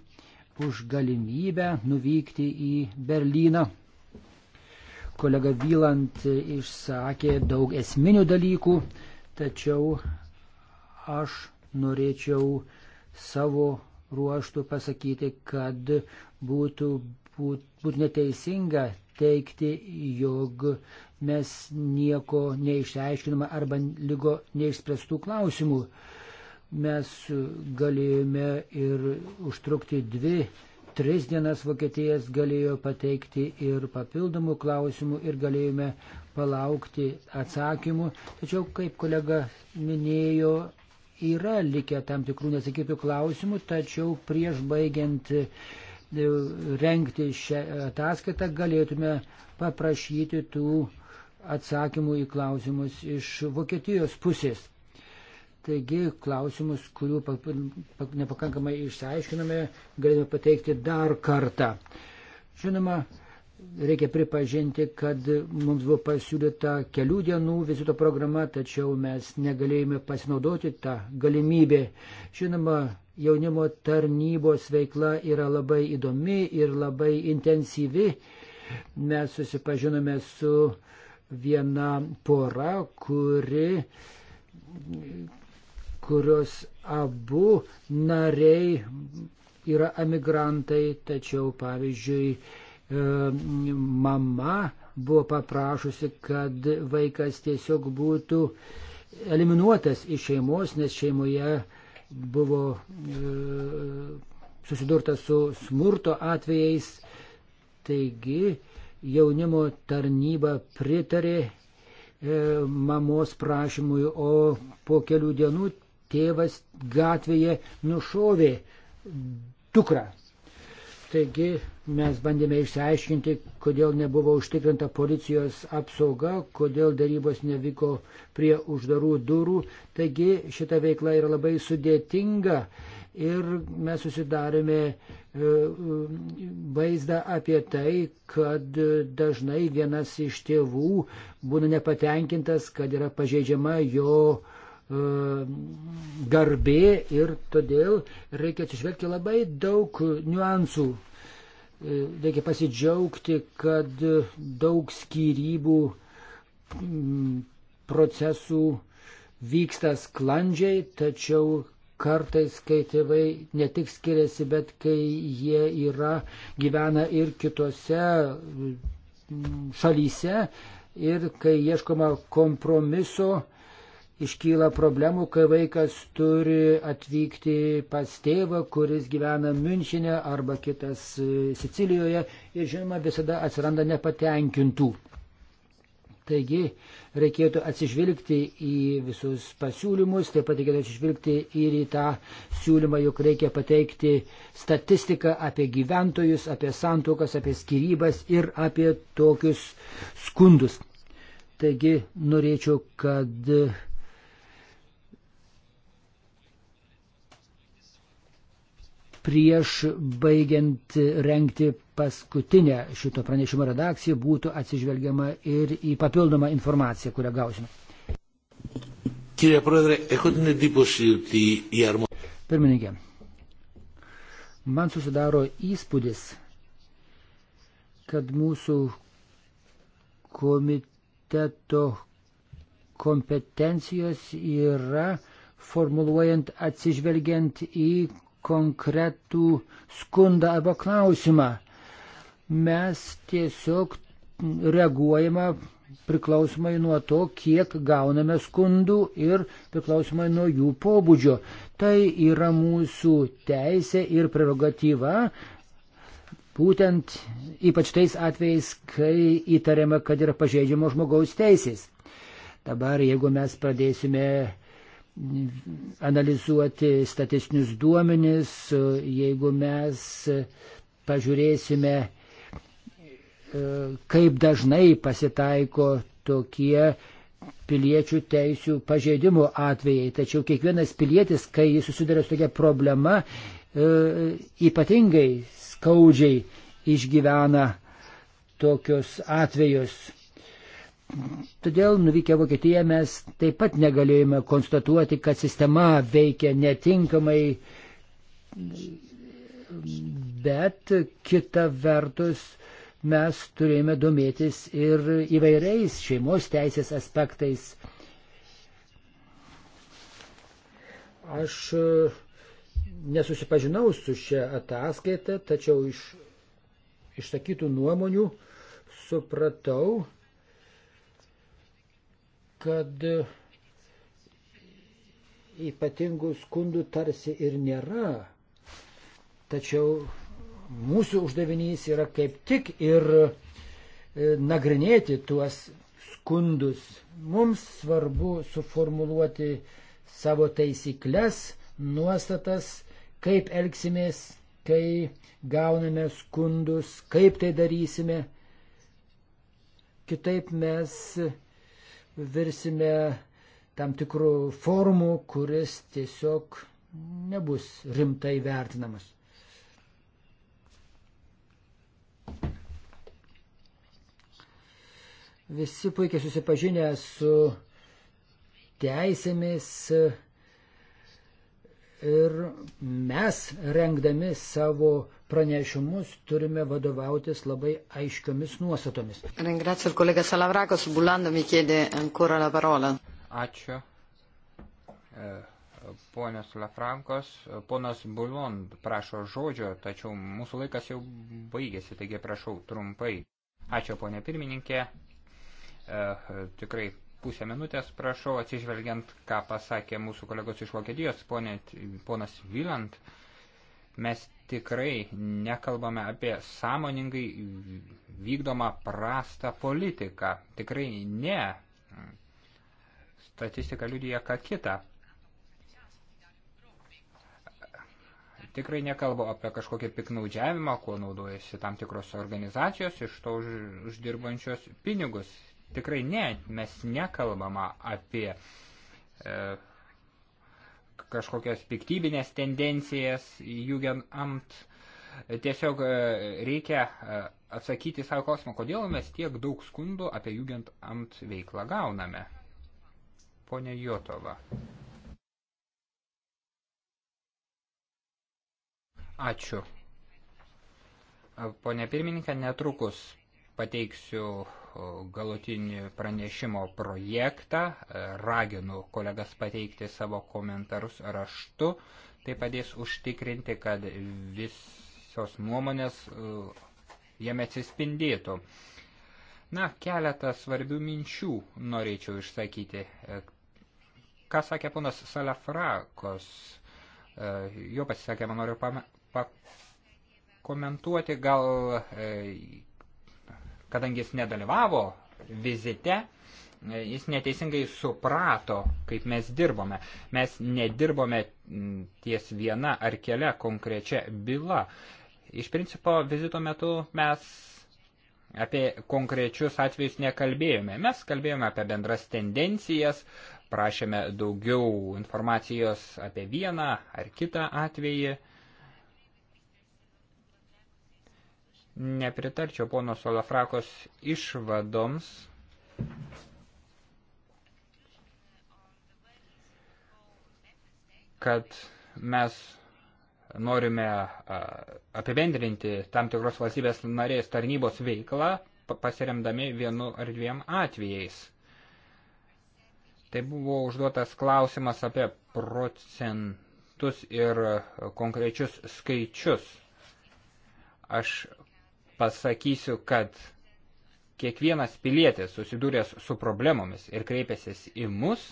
už galimybę nuvykti į Berliną. Kolega Vyland išsakė daug esminių dalykų, tačiau aš norėčiau savo ruoštų pasakyti, kad būtų, būt, būtų neteisinga teikti, jog mes nieko neišsiaiškinome arba lygo neišspręstų klausimų. Mes galėjome ir užtrukti dvi, tris dienas Vokietijas galėjo pateikti ir papildomų klausimų ir galėjome palaukti atsakymų. Tačiau, kaip kolega minėjo, yra likę tam tikrų nesakytų klausimų, tačiau prieš baigiant e, rengti šią ataskaitą galėtume paprašyti tų atsakymų į klausimus iš Vokietijos pusės. Taigi klausimus, kurių nepakankamai išsiaiškiname, galime pateikti dar kartą. Žinoma, reikia pripažinti, kad mums buvo pasiūlyta kelių dienų vizito programa, tačiau mes negalėjome pasinaudoti tą galimybę. Žinoma, jaunimo tarnybos veikla yra labai įdomi ir labai intensyvi. Mes susipažinome su viena pora, kuri kurios abu nariai yra emigrantai, tačiau pavyzdžiui mama buvo paprašusi, kad vaikas tiesiog būtų eliminuotas iš šeimos, nes šeimoje buvo e, susidurta su smurto atvejais. Taigi jaunimo tarnyba pritarė e, mamos prašymui, o po kelių dienų tėvas gatvėje nušovė dukrą. Taigi mes bandėme išsiaiškinti, kodėl nebuvo užtikrinta policijos apsauga, kodėl darybos nevyko prie uždarų durų. Taigi šita veikla yra labai sudėtinga ir mes susidarėme e, vaizdą apie tai, kad dažnai vienas iš tėvų būna nepatenkintas, kad yra pažeidžiama jo uh, E, garbė ir todėl reikia atsižvelgti labai daug niuansų. E, reikia pasidžiaugti, kad daug skyrybų procesų vyksta sklandžiai, tačiau kartais, kai tėvai ne tik skiriasi, bet kai jie yra, gyvena ir kitose šalyse ir kai ieškoma kompromiso, iškyla problemų, kai vaikas turi atvykti pas tėvą, kuris gyvena Münchinė arba kitas e, Sicilijoje ir žinoma visada atsiranda nepatenkintų. Taigi reikėtų atsižvilgti į visus pasiūlymus, taip pat reikėtų atsižvilgti ir į tą siūlymą, jog reikia pateikti statistiką apie gyventojus, apie santokas, apie skirybas ir apie tokius skundus. Taigi norėčiau, kad prieš baigiant renkti paskutinę šito pranešimo redakciją būtų atsižvelgiama ir į papildomą informaciją, kurią gausime. Pirmininkė, man susidaro įspūdis, kad mūsų komiteto kompetencijos yra formuluojant atsižvelgiant į konkretų skundą arba klausimą. Mes tiesiog reaguojame priklausomai nuo to, kiek gauname skundų ir priklausomai nuo jų pobūdžio. Tai yra mūsų teisė ir prerogatyva, būtent ypač tais atvejais, kai įtariama, kad yra pažeidžiamo žmogaus teisės. Dabar, jeigu mes pradėsime analizuoti statistinius duomenis, jeigu mes pažiūrėsime, kaip dažnai pasitaiko tokie piliečių teisių pažeidimo atvejai. Tačiau kiekvienas pilietis, kai jis susiduria su tokia problema, e, ypatingai skaudžiai išgyvena tokius atvejus. Todėl nuvykę Vokietiją mes taip pat negalėjome konstatuoti, kad sistema veikia netinkamai, bet kita vertus mes turėjome domėtis ir įvairiais šeimos teisės aspektais. Aš e, nesusipažinau su šia ataskaita, tačiau iš išsakytų nuomonių supratau, kad ypatingų skundų tarsi ir nėra. Tačiau mūsų uždavinys yra kaip tik ir e, nagrinėti tuos skundus. Mums svarbu suformuluoti savo taisyklės, nuostatas, kaip elgsimės, kai gauname skundus, kaip tai darysime. Kitaip mes virsime tam tikrų formų, kuris tiesiog nebus rimtai vertinamas. Visi puikiai susipažinę su teisėmis, ir mes, rengdami savo pranešimus, turime vadovautis labai aiškiomis nuostatomis. Ačiū. E, ponas Lafrankos, e, ponas Bulon prašo žodžio, tačiau mūsų laikas jau baigėsi, taigi prašau trumpai. Ačiū, ponė pirmininkė. E, e tikrai pusę minutės, prašau, atsižvelgiant, ką pasakė mūsų kolegos iš Vokietijos, ponė, ponas Vyland, mes tikrai nekalbame apie sąmoningai vykdomą prastą politiką. Tikrai ne. Statistika liudyja ką kitą. Tikrai nekalbu apie kažkokį piknaudžiavimą, kuo naudojasi tam tikros organizacijos iš to uždirbančios pinigus. Tikrai ne, mes nekalbama apie e, kažkokias piktybinės tendencijas Jugendamt. Tiesiog e, reikia e, atsakyti savo klausimą, kodėl mes tiek daug skundų apie Jugendamt veiklą gauname. Pone Jotova. Ačiū. Pone pirmininkė, netrukus pateiksiu galutinį pranešimo projektą, raginu kolegas pateikti savo komentarus raštu, tai padės užtikrinti, kad visos nuomonės e, jame atsispindėtų. Na, keletą svarbių minčių norėčiau išsakyti. E, ką sakė ponas Salafrakos, e, jo pasisakymą noriu pakomentuoti, gal kadangi jis nedalyvavo vizite, jis neteisingai suprato, kaip mes dirbome. Mes nedirbome mm, ties viena ar kelia konkrečia byla. Iš principo vizito metu mes apie konkrečius atvejus nekalbėjome. Mes kalbėjome apie bendras tendencijas, prašėme daugiau informacijos apie vieną ar kitą atvejį. nepritarčiau pono Solafrakos išvadoms. kad mes norime apibendrinti tam tikros valstybės narės tarnybos veiklą, pasiremdami vienu ar dviem atvejais. Tai buvo užduotas klausimas apie procentus ir konkrečius skaičius. Aš pasakysiu, kad kiekvienas pilietis susidūręs su problemomis ir kreipęsis į mus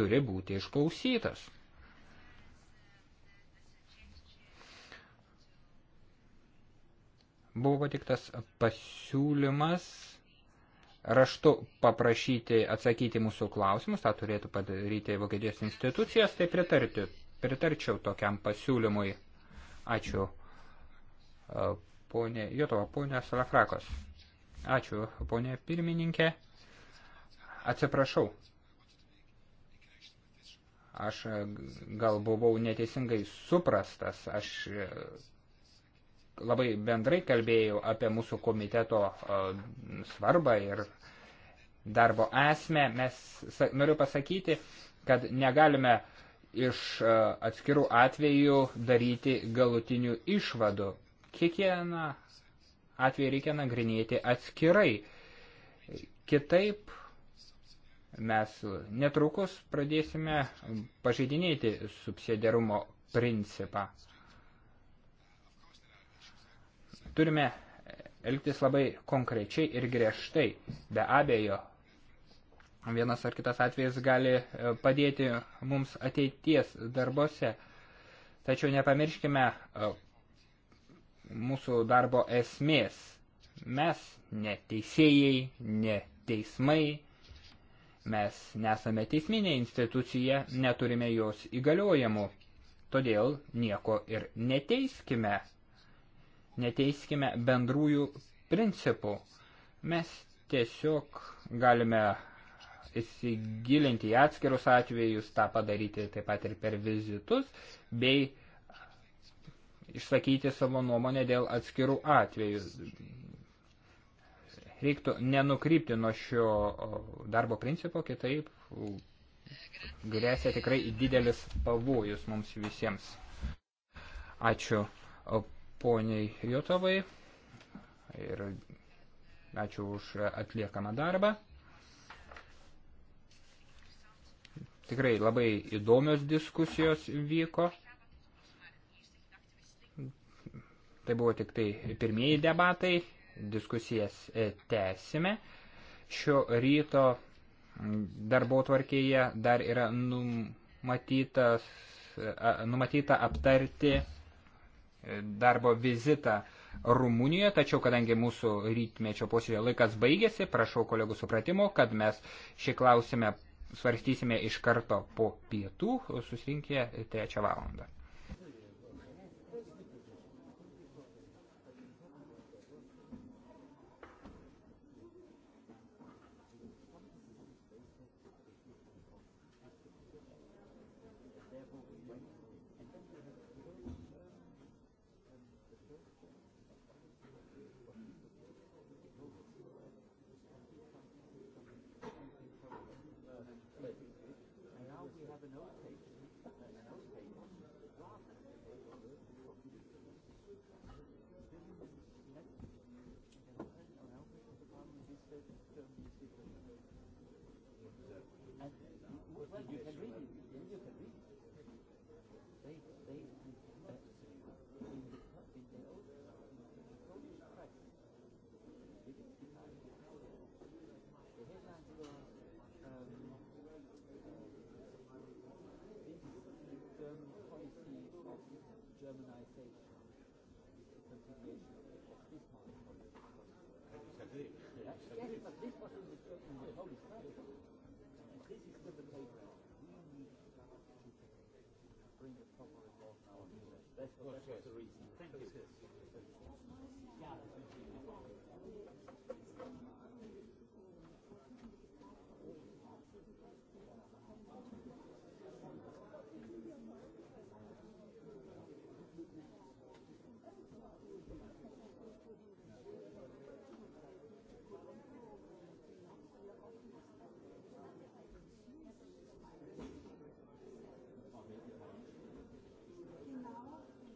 turi būti išklausytas. Buvo patiktas pasiūlymas raštu paprašyti atsakyti mūsų klausimus, tą turėtų padaryti Vokietijos institucijas, tai pritarti, pritarčiau tokiam pasiūlymui. Ačiū ponė Jotova, ponė Salafrakos. Ačiū, ponė pirmininkė. Atsiprašau. Aš e, gal buvau neteisingai suprastas. Aš e, labai bendrai kalbėjau apie mūsų komiteto e, svarbą ir darbo esmę. Mes noriu pasakyti, kad negalime iš atskirų atvejų daryti galutinių išvadų. Kiekvieną atvejį reikia nagrinėti atskirai. Kitaip mes netrukus pradėsime pažeidinėti subsidiarumo principą. Turime elgtis labai konkrečiai ir griežtai. Be abejo, vienas ar kitas atvejis gali e, padėti mums ateities darbose. Tačiau nepamirškime, e, mūsų darbo esmės. Mes ne teisėjai, ne teismai, mes nesame teisminė institucija, neturime jos įgaliojimų. Todėl nieko ir neteiskime. Neteiskime bendrųjų principų. Mes tiesiog galime įsigilinti į atskirus atvejus, tą padaryti taip pat ir per vizitus, bei išsakyti savo nuomonę dėl atskirų atvejų. Reiktų nenukrypti nuo šio darbo principo, kitaip grėsia tikrai didelis pavojus mums visiems. Ačiū poniai Jotovai ir ačiū už atliekamą darbą. Tikrai labai įdomios diskusijos vyko. Tai buvo tik tai pirmieji debatai, diskusijas e, tęsime. Šio ryto darbo tvarkėje dar yra numatytas, numatyta aptarti e, darbo vizitą Rumunijoje, tačiau kadangi mūsų rytmečio posėdžio laikas baigėsi, prašau kolegų supratimo, kad mes šį klausimą svarstysime iš karto po pietų, susirinkę trečią valandą.